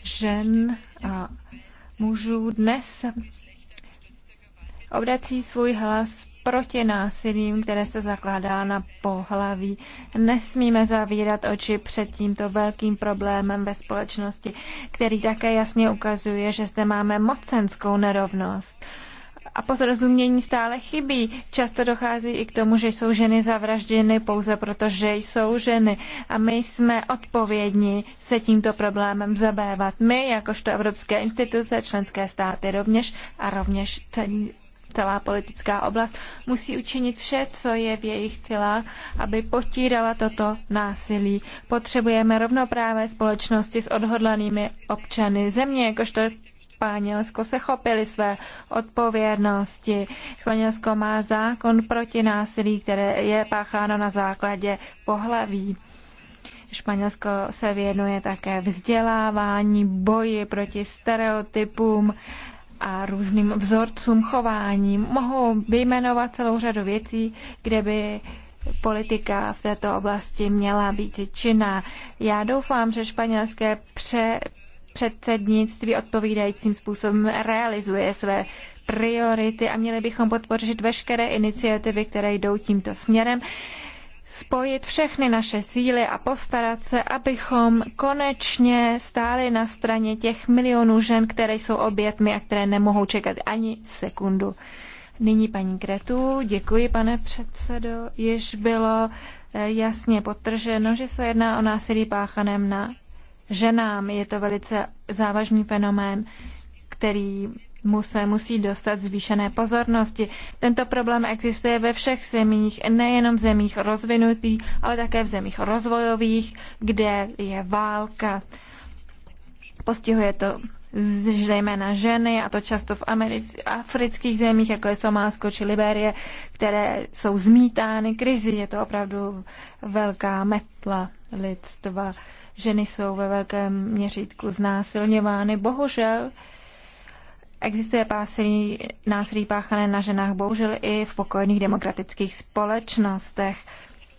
žen a mužů dnes obrací svůj hlas proti násilím, které se zakládá na pohlaví. Nesmíme zavírat oči před tímto velkým problémem ve společnosti, který také jasně ukazuje, že zde máme mocenskou nerovnost a pozrozumění stále chybí. Často dochází i k tomu, že jsou ženy zavražděny pouze proto, že jsou ženy. A my jsme odpovědní se tímto problémem zabývat. My, jakožto evropské instituce, členské státy rovněž a rovněž celý celá politická oblast musí učinit vše, co je v jejich silách, aby potírala toto násilí. Potřebujeme rovnoprávé společnosti s odhodlanými občany země, jakožto Španělsko se chopili své odpovědnosti. Španělsko má zákon proti násilí, které je pácháno na základě pohlaví. Španělsko se věnuje také vzdělávání, boji proti stereotypům a různým vzorcům chování. Mohu vyjmenovat celou řadu věcí, kde by politika v této oblasti měla být činná. Já doufám, že španělské pře- předsednictví odpovídajícím způsobem realizuje své priority a měli bychom podpořit veškeré iniciativy, které jdou tímto směrem spojit všechny naše síly a postarat se, abychom konečně stáli na straně těch milionů žen, které jsou obětmi a které nemohou čekat ani sekundu. Nyní paní Kretu, děkuji pane předsedo, již bylo eh, jasně potrženo, že se jedná o násilí páchaném na ženám. Je to velice závažný fenomén, který mu se musí dostat zvýšené pozornosti. Tento problém existuje ve všech zemích, nejenom v zemích rozvinutých, ale také v zemích rozvojových, kde je válka. Postihuje to zejména ženy, a to často v americ- afrických zemích, jako je Somálsko či Liberie, které jsou zmítány krizi. Je to opravdu velká metla lidstva. Ženy jsou ve velkém měřítku znásilňovány. Bohužel, uh, Existuje pásilí, násilí páchané na ženách bohužel i v pokojných demokratických společnostech.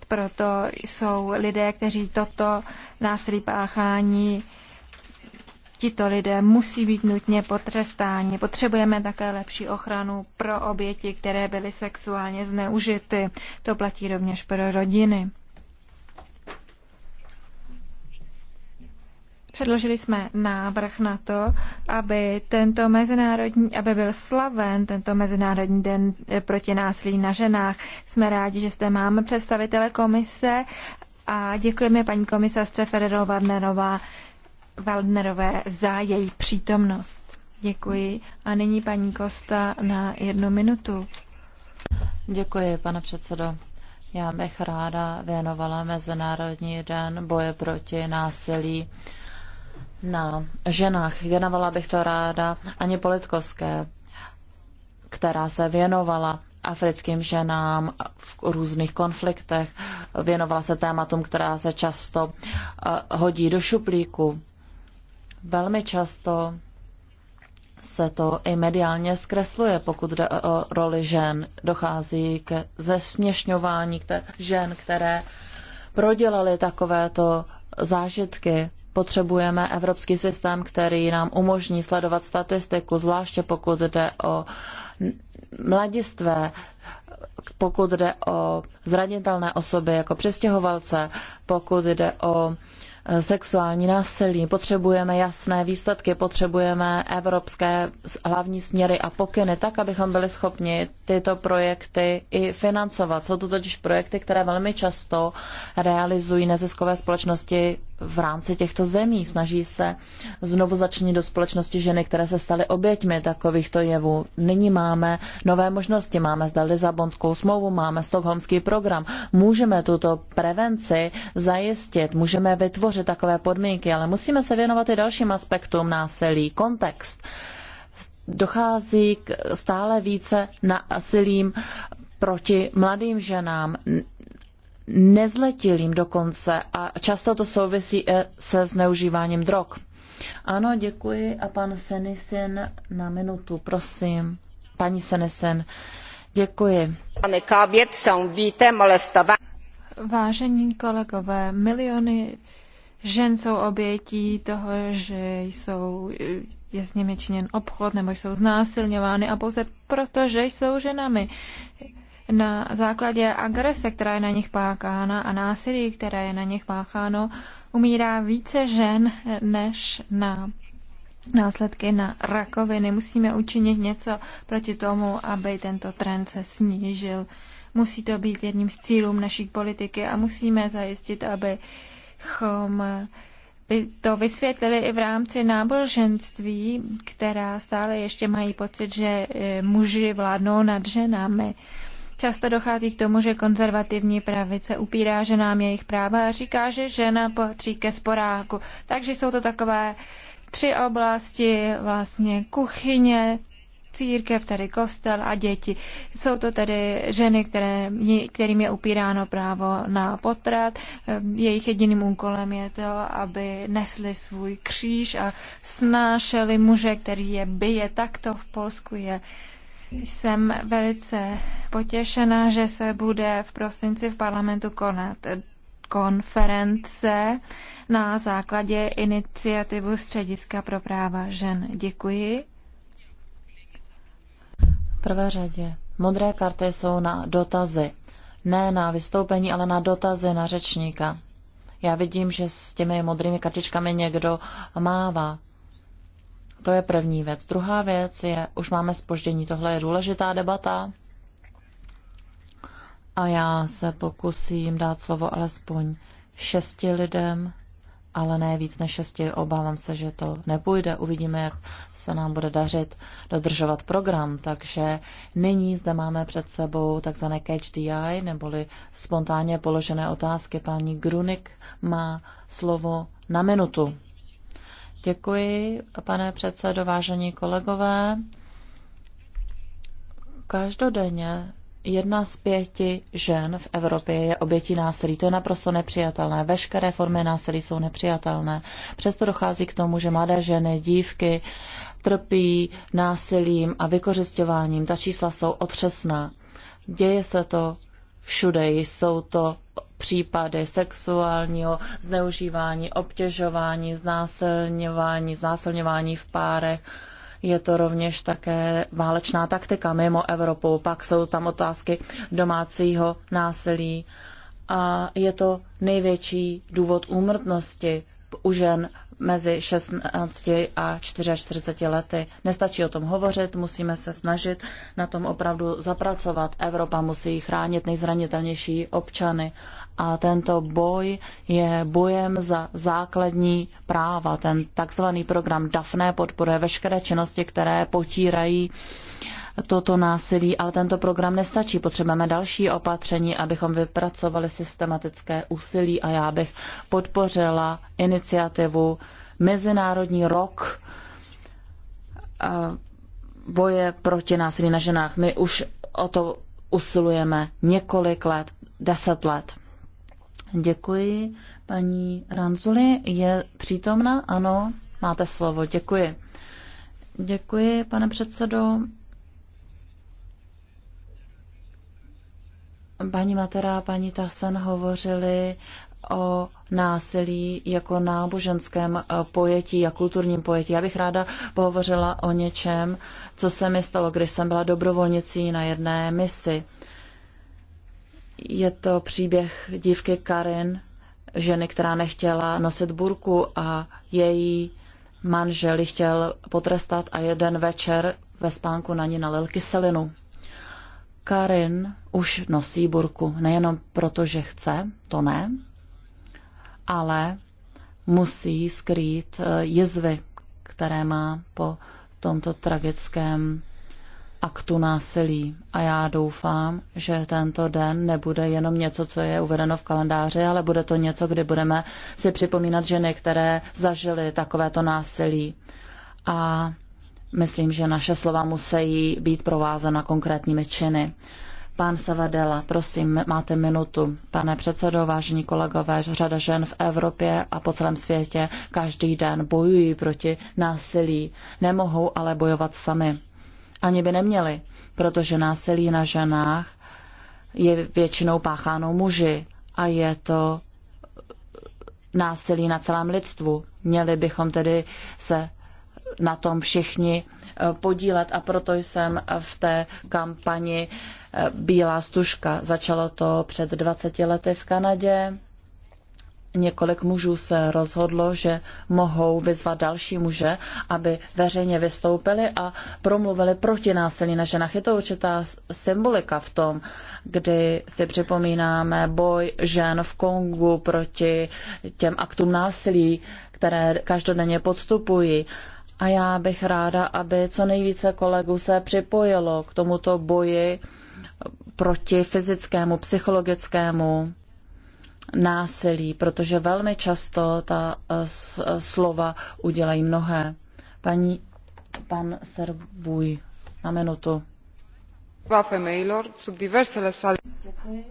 Proto jsou lidé, kteří toto násilí páchání tito lidé musí být nutně potrestáni. Potřebujeme také lepší ochranu pro oběti, které byly sexuálně zneužity. To platí rovněž pro rodiny. Předložili jsme návrh na to, aby tento mezinárodní, aby byl slaven tento mezinárodní den eh, proti násilí na ženách. Jsme rádi, že zde máme představitele komise a děkujeme paní komisařce Federová Wagnerová, Waldnerové za její přítomnost. Děkuji. A nyní paní Kosta na jednu minutu. Děkuji, pane předsedo. Já bych ráda věnovala Mezinárodní den boje proti násilí na ženách. Věnovala bych to ráda ani Politkovské, která se věnovala africkým ženám v různých konfliktech, věnovala se tématům, která se často eh, hodí do šuplíku. Velmi často se to i mediálně zkresluje, pokud jde o roli žen. Dochází k zesměšňování žen, které prodělaly takovéto zážitky Potřebujeme evropský systém, který nám umožní sledovat statistiku, zvláště pokud jde o mladistvé, pokud jde o zranitelné osoby jako přestěhovalce, pokud jde o eh, sexuální násilí. Potřebujeme jasné výsledky, potřebujeme evropské hlavní směry a pokyny, tak, abychom byli schopni tyto projekty i financovat. Jsou to totiž projekty, které velmi často realizují neziskové společnosti v rámci těchto zemí. Snaží se znovu začnit do společnosti ženy, které se staly oběťmi takovýchto jevů. Nyní máme nové možnosti. Máme zde Lizabonskou smlouvu, máme Stockholmský program. Můžeme tuto prevenci zajistit, můžeme vytvořit takové podmínky, ale musíme se věnovat i dalším aspektům násilí, kontext. Dochází k stále více násilím proti mladým ženám nezletilým dokonce a často to souvisí eh, se zneužíváním drog. Ano, děkuji a pan Senisin na minutu, prosím. Paní Senisin, děkuji. Kábět, jsou víte molestování. Vážení kolegové, miliony žen jsou obětí toho, že jsou je s nimi činěn obchod nebo jsou znásilňovány a pouze proto, že jsou ženami na základě agrese, která je na nich páchána a násilí, které je na nich pácháno, umírá více žen než na následky na rakoviny. Musíme učinit něco proti tomu, aby tento trend se snížil. Musí to být jedním z cílů naší politiky a musíme zajistit, abychom by to vysvětlili i v rámci náboženství, která stále ještě mají pocit, že eh, muži vládnou nad ženami. Často dochází k tomu, že konzervativní pravice upírá ženám jejich práva a říká, že žena patří ke sporáku. Takže jsou to takové tři oblasti, vlastně kuchyně, církev, tedy kostel a děti. Jsou to tedy ženy, které, kterým je upíráno právo na potrat. Jejich jediným úkolem je to, aby nesli svůj kříž a snášeli muže, který je bije. Takto v Polsku je uh, jsem velice potěšena, že se bude v prosinci v parlamentu konat konference na základě iniciativu Střediska pro práva žen. Děkuji. V prvé řadě. Modré karty jsou na dotazy. Ne na vystoupení, ale na dotazy na řečníka. Já vidím, že s těmi modrými kartičkami někdo mává. To je první věc. Druhá věc je, už máme spoždění, tohle je důležitá debata a já se pokusím dát slovo alespoň šesti lidem, ale ne víc než šesti. Obávám se, že to nepůjde. Uvidíme, jak se nám bude dařit dodržovat program. Takže nyní zde máme před sebou takzvané catch the eye, neboli spontánně položené otázky. Paní Grunik má slovo na minutu. Děkuji, pane předsedo, vážení kolegové. Každodenně jedna z pěti žen v Evropě je obětí násilí. To je naprosto nepřijatelné. Veškeré formy násilí jsou nepřijatelné. Přesto dochází k tomu, že mladé ženy, dívky trpí násilím a vykořišťováním. Ta čísla jsou otřesná. Děje se to všude. Jsou to případy sexuálního zneužívání, obtěžování, znásilňování, znásilňování v párech. Je to rovněž také válečná taktika mimo Evropu. Pak jsou tam otázky domácího násilí. A je to největší důvod úmrtnosti u žen mezi 16 a 44 lety. Nestačí o tom hovořit, musíme se snažit na tom opravdu zapracovat. Evropa musí chránit nejzranitelnější občany a tento boj je bojem za základní práva. Ten takzvaný program DAFNE podporuje veškeré činnosti, které potírají uh, toto násilí, ale tento program nestačí. Potřebujeme další opatření, abychom vypracovali systematické úsilí a já bych podpořila iniciativu Mezinárodní rok eh, boje proti násilí na ženách. My už o to usilujeme několik let, deset let. Děkuji. Paní Ranzuli je přítomna? Ano, máte slovo. Děkuji. Děkuji, pane předsedo. paní Matera a paní Tasan hovořili o násilí jako náboženském eh, pojetí a kulturním pojetí. Já bych ráda pohovořila o něčem, co se mi stalo, když jsem byla dobrovolnicí na jedné misi. Je to příběh dívky Karin, ženy, která nechtěla nosit burku a její manžel chtěl potrestat a jeden večer ve spánku na ní nalil kyselinu. Karin už nosí burku nejenom proto, že chce, to ne, ale musí skrýt eh, jizvy, které má po tomto tragickém aktu násilí. A já doufám, že tento den nebude jenom něco, co je uvedeno v kalendáři, ale bude to něco, kdy budeme si připomínat ženy, které zažily takovéto násilí. A Myslím, že naše slova musí být provázena konkrétními činy. Pán Savadela, prosím, máte minutu. Pane předsedo, vážení kolegové, řada žen v Evropě a po celém světě každý den bojují proti násilí. Nemohou ale bojovat sami. Ani by neměli, protože násilí na ženách je většinou pácháno muži a je to násilí na celém lidstvu. Měli bychom tedy se na tom všichni eh, podílet a proto jsem v té kampani eh, Bílá stužka. Začalo to před 20 lety v Kanadě. Několik mužů se rozhodlo, že mohou vyzvat další muže, aby veřejně vystoupili a promluvili proti násilí na ženách. Je to určitá symbolika v tom, kdy si připomínáme boj žen v Kongu proti těm aktům násilí, které každodenně podstupují. A já bych ráda, aby co nejvíce kolegů se připojilo k tomuto boji proti fyzickému, psychologickému násilí, protože velmi často ta eh, eh, slova udělají mnohé. Paní, pan Servuj, na minutu. Děkuji.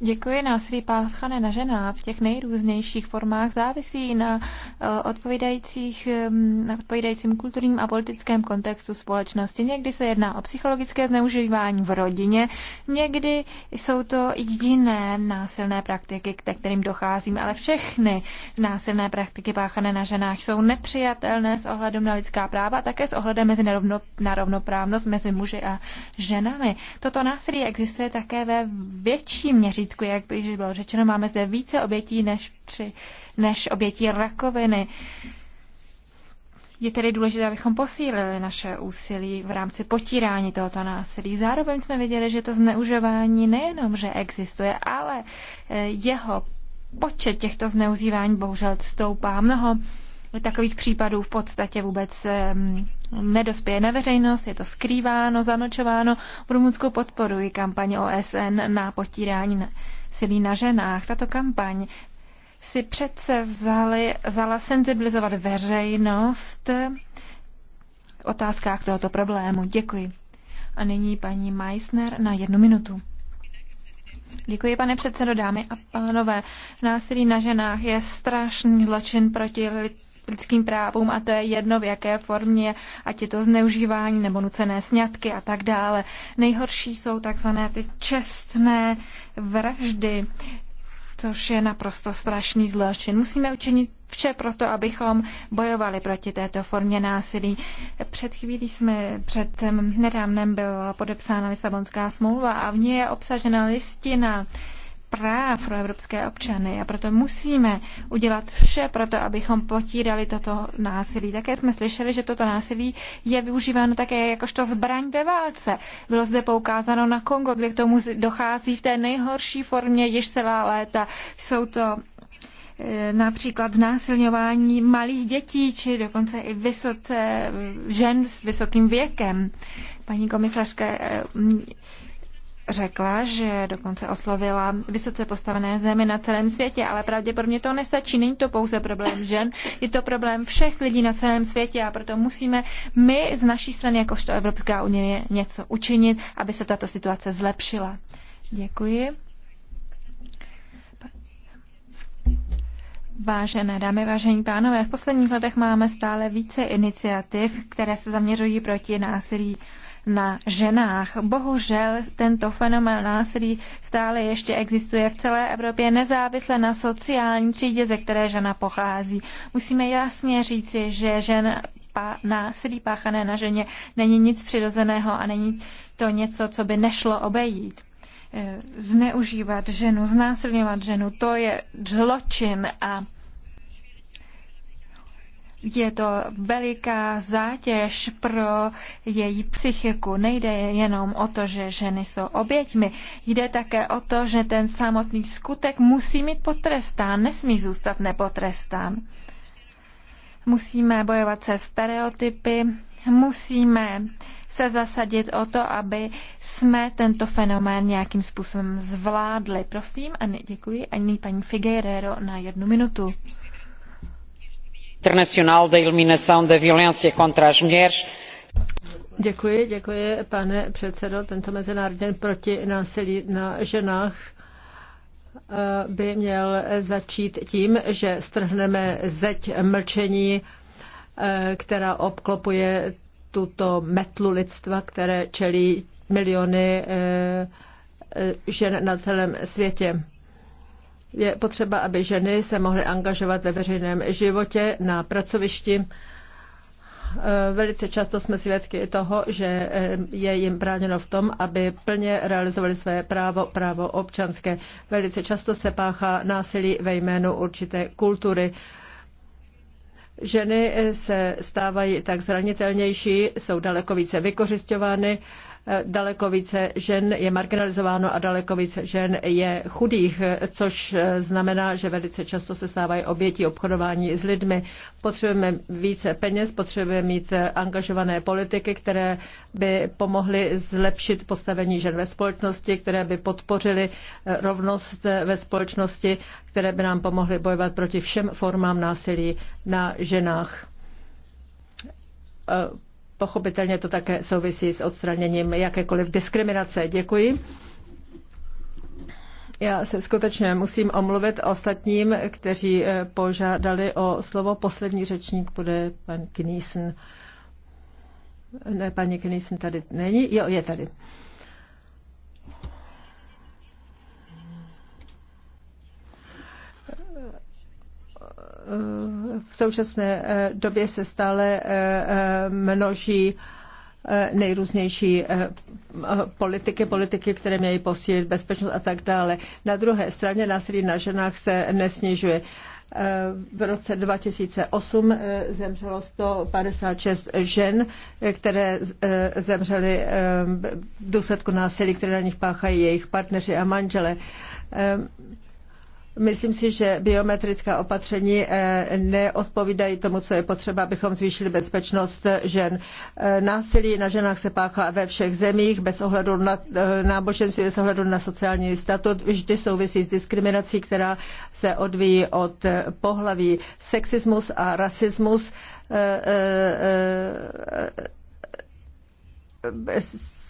Děkuji. Násilí páchané na ženách v těch nejrůznějších formách závisí na, eh, odpovídajících, mm, na odpovídajícím kulturním a politickém kontextu společnosti. Někdy se jedná o psychologické zneužívání v rodině, někdy jsou to jiné násilné praktiky, ke kterým docházím, ale všechny násilné praktiky páchané na ženách jsou nepřijatelné s ohledem na lidská práva a také s ohledem mezi nerovno, na rovnoprávnost mezi muži a ženami. Toto násilí existuje také ve větším měřítku prohlídku. Jak by již bylo řečeno, máme zde více obětí než, při, než obětí rakoviny. Je tedy důležité, abychom posílili naše úsilí v rámci potírání tohoto násilí. Zároveň jsme viděli, že to zneužování nejenom, že existuje, ale eh, jeho počet těchto zneužívání bohužel stoupá. Mnoho takových případů v podstatě vůbec nedospěje na veřejnost, je to skrýváno, zamlčováno. V Rumunsku podporuji kampaň OSN na potírání silí na ženách. Tato kampaň si přece vzali, vzala senzibilizovat veřejnost v otázkách tohoto problému. Děkuji. A nyní paní Meissner na jednu minutu. Děkuji, pane předsedo, dámy a pánové. Násilí na ženách je strašný zločin proti lidem lidským právům a to je jedno v jaké formě, ať je to zneužívání nebo nucené sňatky a tak dále. Nejhorší jsou takzvané ty čestné vraždy, což je naprosto strašný zločin. Musíme učinit vše proto, abychom bojovali proti této formě násilí. Před chvílí jsme, před mm, nedávnem byla podepsána Lisabonská smlouva a v ní je obsažena listina práv pro evropské občany a proto musíme udělat vše pro to, abychom potírali toto násilí. Také jsme slyšeli, že toto násilí je využíváno také jakožto zbraň ve válce. Bylo zde poukázáno na Kongo, kde k tomu dochází v té nejhorší formě již celá léta. Jsou to e, například znásilňování malých dětí, či dokonce i vysoce e, žen s vysokým věkem. Paní komisařka, e, řekla, že dokonce oslovila vysoce postavené zemi na celém světě, ale pravděpodobně to nestačí. Není to pouze problém žen, je to problém všech lidí na celém světě a proto musíme my z naší strany, jakožto Evropská unie, něco učinit, aby se tato situace zlepšila. Děkuji. Vážené dámy, vážení pánové, v posledních letech máme stále více iniciativ, které se zaměřují proti násilí na ženách. Bohužel tento fenomén násilí stále ještě existuje v celé Evropě nezávisle na sociální třídě, ze které žena pochází. Musíme jasně říci, že žen násilí páchané na ženě není nic přirozeného a není to něco, co by nešlo obejít e, zneužívat ženu, znásilňovat ženu, to je zločin a je to veliká zátěž pro její psychiku. Nejde jenom o to, že ženy jsou oběťmi. Jde také o to, že ten samotný skutek musí mít potrestán, nesmí zůstat nepotrestán. Musíme bojovat se stereotypy, musíme se zasadit o to, aby jsme tento fenomén nějakým způsobem zvládli. Prosím, a děkuji. Ani paní Figueiredo na jednu minutu internacional da eliminação da violência contra as mulheres. Děkuji, děkuji, pane předsedo. Tento Mezinárodní den proti násilí na ženách eh, by měl začít tím, že strhneme zeď mlčení, eh, která obklopuje tuto metlu lidstva, které čelí miliony eh, žen na celém světě. Je potřeba, aby ženy se mohly angažovat ve veřejném životě na pracovišti. Eh, velice často jsme svědky toho, že eh, je jim bráněno v tom, aby plně realizovali své právo, právo občanské. Velice často se páchá násilí ve jménu určité kultury. Ženy eh, se stávají tak zranitelnější, jsou daleko více vykořišťovány daleko více žen je marginalizováno a daleko více žen je chudých, což znamená, že velice často se stávají oběti obchodování s lidmi. Potřebujeme více peněz, potřebujeme mít angažované politiky, které by pomohly zlepšit postavení žen ve společnosti, které by podpořily rovnost ve společnosti, které by nám pomohly bojovat proti všem formám násilí na ženách Pochopitelně to také souvisí s odstraněním jakékoliv diskriminace. Děkuji. Já se skutečně musím omluvit ostatním, kteří eh, požádali o slovo. Poslední řečník bude pan Knísen. Ne, paní Knísen tady není. Jo, je tady. v současné eh, době se stále eh, eh, množí nejrůznější politiky, politiky, které mějí posílit bezpečnost a tak dále. Na druhé straně násilí na ženách se nesnižuje. V roce 2008 zemřelo 156 žen, které zemřely v důsledku násilí, které na nich páchají jejich partneři a manžele. Myslím si, že biometrická opatření eh, neodpovídají tomu, co je potřeba, abychom zvýšili bezpečnost žen. Eh, násilí na ženách se páchá ve všech zemích, bez ohledu na eh, náboženství, bez ohledu na sociální statut, vždy souvisí s diskriminací, která se odvíjí od pohlaví. Sexismus a rasismus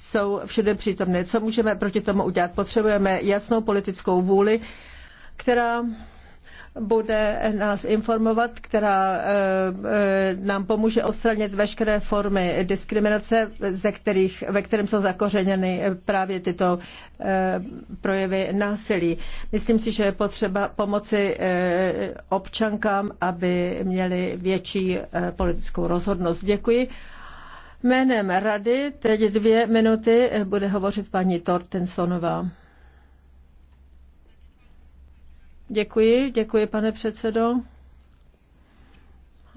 jsou všude přítomné. Co můžeme proti tomu udělat? Potřebujeme jasnou politickou vůli, která bude nás informovat, která eh, eh, nám pomůže odstranit veškeré formy diskriminace, ze kterých, ve kterém jsou zakořeněny právě tyto eh, projevy násilí. Myslím si, že je potřeba pomoci občankám, aby měli větší politickou rozhodnost. Děkuji. Jménem Rady teď dvě minuty bude hovořit paní Tortensonová. Děkuji, děkuji, pane předsedo.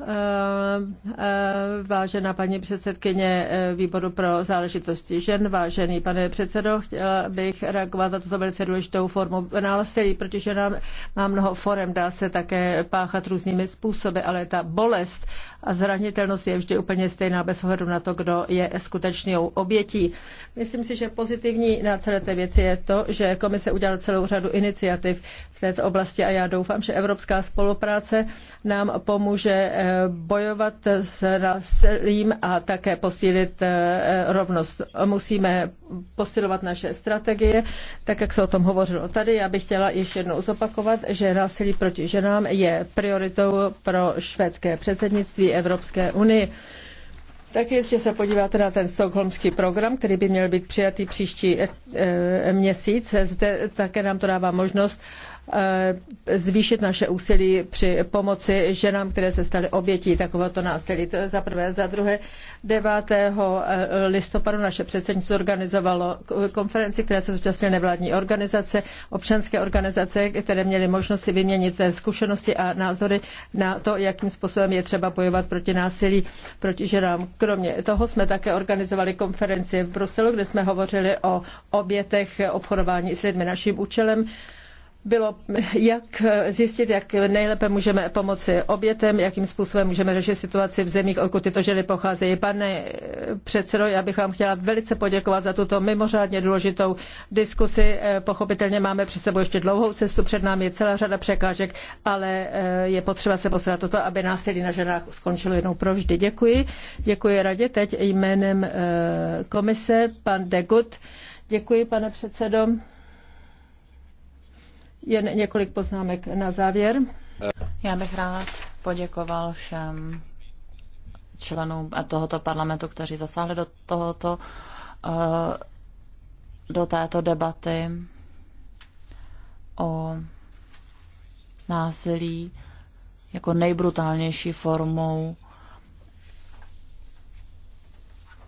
Eh, eh, vážená paní předsedkyně eh, výboru pro záležitosti žen, vážený pane předsedo, chtěla bych reagovat na tuto velice důležitou formu násilí protože nám Má mnoho forem, dá se také páchat různými způsoby, ale ta bolest a zranitelnost je vždy úplně stejná bez ohledu na to, kdo je skutečnou obětí. Myslím si, že pozitivní na celé té věci je to, že komise udělala celou řadu iniciativ v této oblasti a já doufám, že evropská spolupráce nám pomůže bojovat s násilím a také posílit eh, rovnost. Musíme posilovat naše strategie, tak jak se o tom hovořilo tady. Já bych chtěla ještě jednou zopakovat, že násilí proti ženám je prioritou pro švédské předsednictví Evropské unie. Tak jestli se podíváte na ten stokholmský program, který by měl být přijatý příští eh, eh, měsíc, zde také nám to dává možnost Eh, zvýšit naše úsilí při pomoci ženám, které se staly obětí takovéto násilí. To je za prvé. Za druhé, 9. Eh, listopadu naše předsednictví zorganizovalo konferenci, která se zúčastnily nevládní organizace, občanské organizace, které měly možnost si vyměnit zkušenosti a názory na to, jakým způsobem je třeba bojovat proti násilí proti ženám. Kromě toho jsme také organizovali konferenci v Bruselu, kde jsme hovořili o obětech obchodování s lidmi. Naším účelem bylo, jak zjistit, jak nejlépe můžeme pomoci obětem, jakým způsobem můžeme řešit situaci v zemích, odkud tyto ženy pocházejí. Pane předsedo, já bych vám chtěla velice poděkovat za tuto mimořádně důležitou diskusi. Eh, pochopitelně máme při sebou ještě dlouhou cestu, před námi je celá řada překážek, ale eh, je potřeba se postarat o to, aby násilí na ženách skončilo jednou provždy. Děkuji. Děkuji radě. Teď jménem eh, komise pan Degut. Děkuji, pane předsedo. Jen několik poznámek na závěr. Já bych rád poděkoval všem členům tohoto parlamentu, kteří zasáhli do tohoto eh, do této debaty o násilí jako nejbrutálnější formou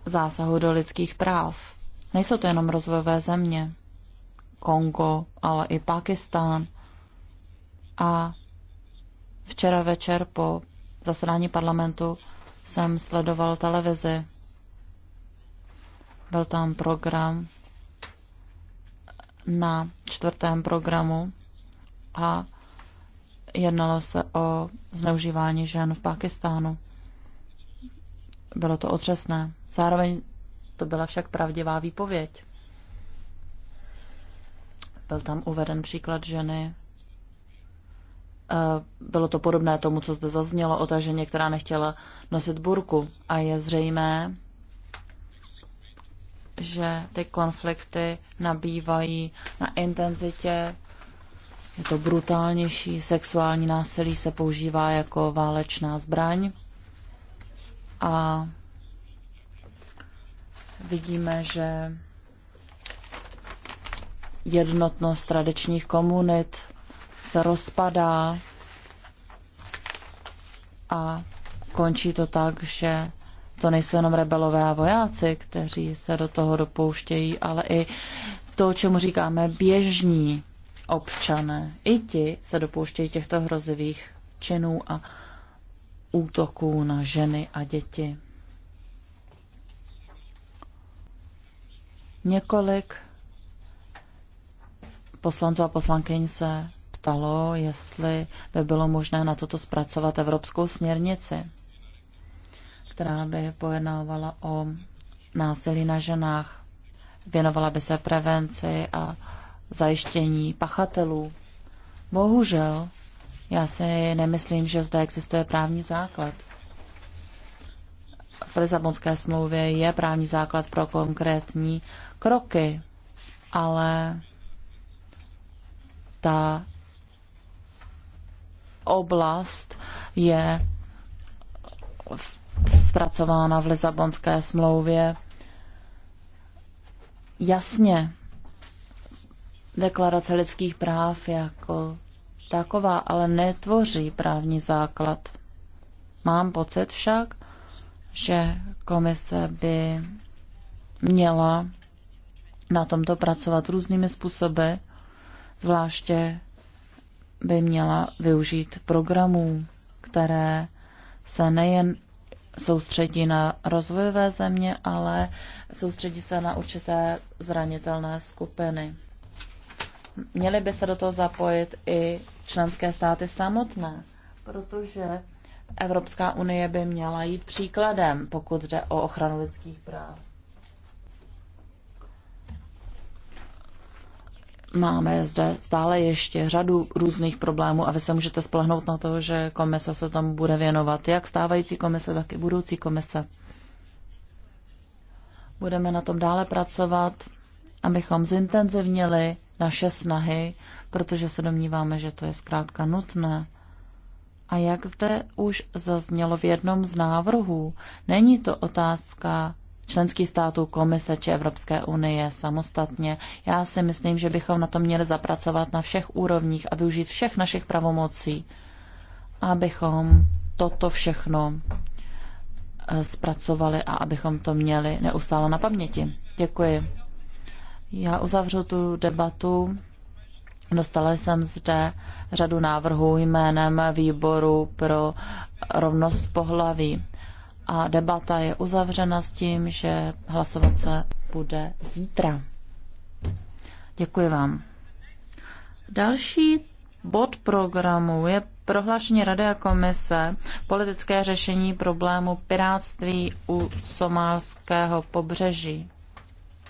zásahu do lidských práv. Nejsou to jenom rozvojové země. Kongo, ale i Pakistán. A včera večer po zasedání parlamentu jsem sledoval televizi. Byl tam program na čtvrtém programu a jednalo se o zneužívání žen v Pakistánu. Bylo to otřesné. Zároveň to byla však pravdivá výpověď. Byl tam uveden příklad ženy. Eh, bylo to podobné tomu, co zde zaznělo o té ženě, která nechtěla nosit burku. A je zřejmé, že ty konflikty nabývají na intenzitě, je to brutálnější, sexuální násilí se používá jako válečná zbraň a vidíme, že jednotnost tradičních komunit se rozpadá a končí to tak, že to nejsou jenom rebelové a vojáci, kteří se do toho dopouštějí, ale i to, čemu říkáme běžní občané. I ti se dopouštějí těchto hrozivých činů a útoků na ženy a děti. Několik poslanců a poslankyň se ptalo, jestli by bylo možné na toto zpracovat evropskou směrnici, která by pojednávala o násilí na ženách, věnovala by se prevenci a zajištění pachatelů. Bohužel, já si nemyslím, že zde existuje právní základ. V Lisabonské smlouvě je právní základ pro konkrétní kroky, ale ta oblast je zpracována v Lisabonské smlouvě jasně deklarace lidských práv jako taková, ale netvoří právní základ. Mám pocit však, že komise by měla na tomto pracovat různými způsoby, Zvláště by měla využít programů, které se nejen soustředí na rozvojové země, ale soustředí se na určité zranitelné skupiny. Měly by se do toho zapojit i členské státy samotné, protože Evropská unie by měla jít příkladem, pokud jde o ochranu lidských práv. Máme zde stále ještě řadu různých problémů a vy se můžete spolehnout na to, že komise se tomu bude věnovat, jak stávající komise, tak i budoucí komise. Budeme na tom dále pracovat, abychom zintenzivnili naše snahy, protože se domníváme, že to je zkrátka nutné. A jak zde už zaznělo v jednom z návrhů, není to otázka členských států, komise či Evropské unie samostatně. Já si myslím, že bychom na to měli zapracovat na všech úrovních a využít všech našich pravomocí, abychom toto všechno eh, zpracovali a abychom to měli neustále na paměti. Děkuji. Já uzavřu tu debatu. Dostala jsem zde řadu návrhů jménem výboru pro rovnost pohlaví a debata je uzavřena s tím, že hlasovat se bude zítra. Děkuji vám. Další bod programu je prohlášení Rady a komise politické řešení problému pirátství u somálského pobřeží.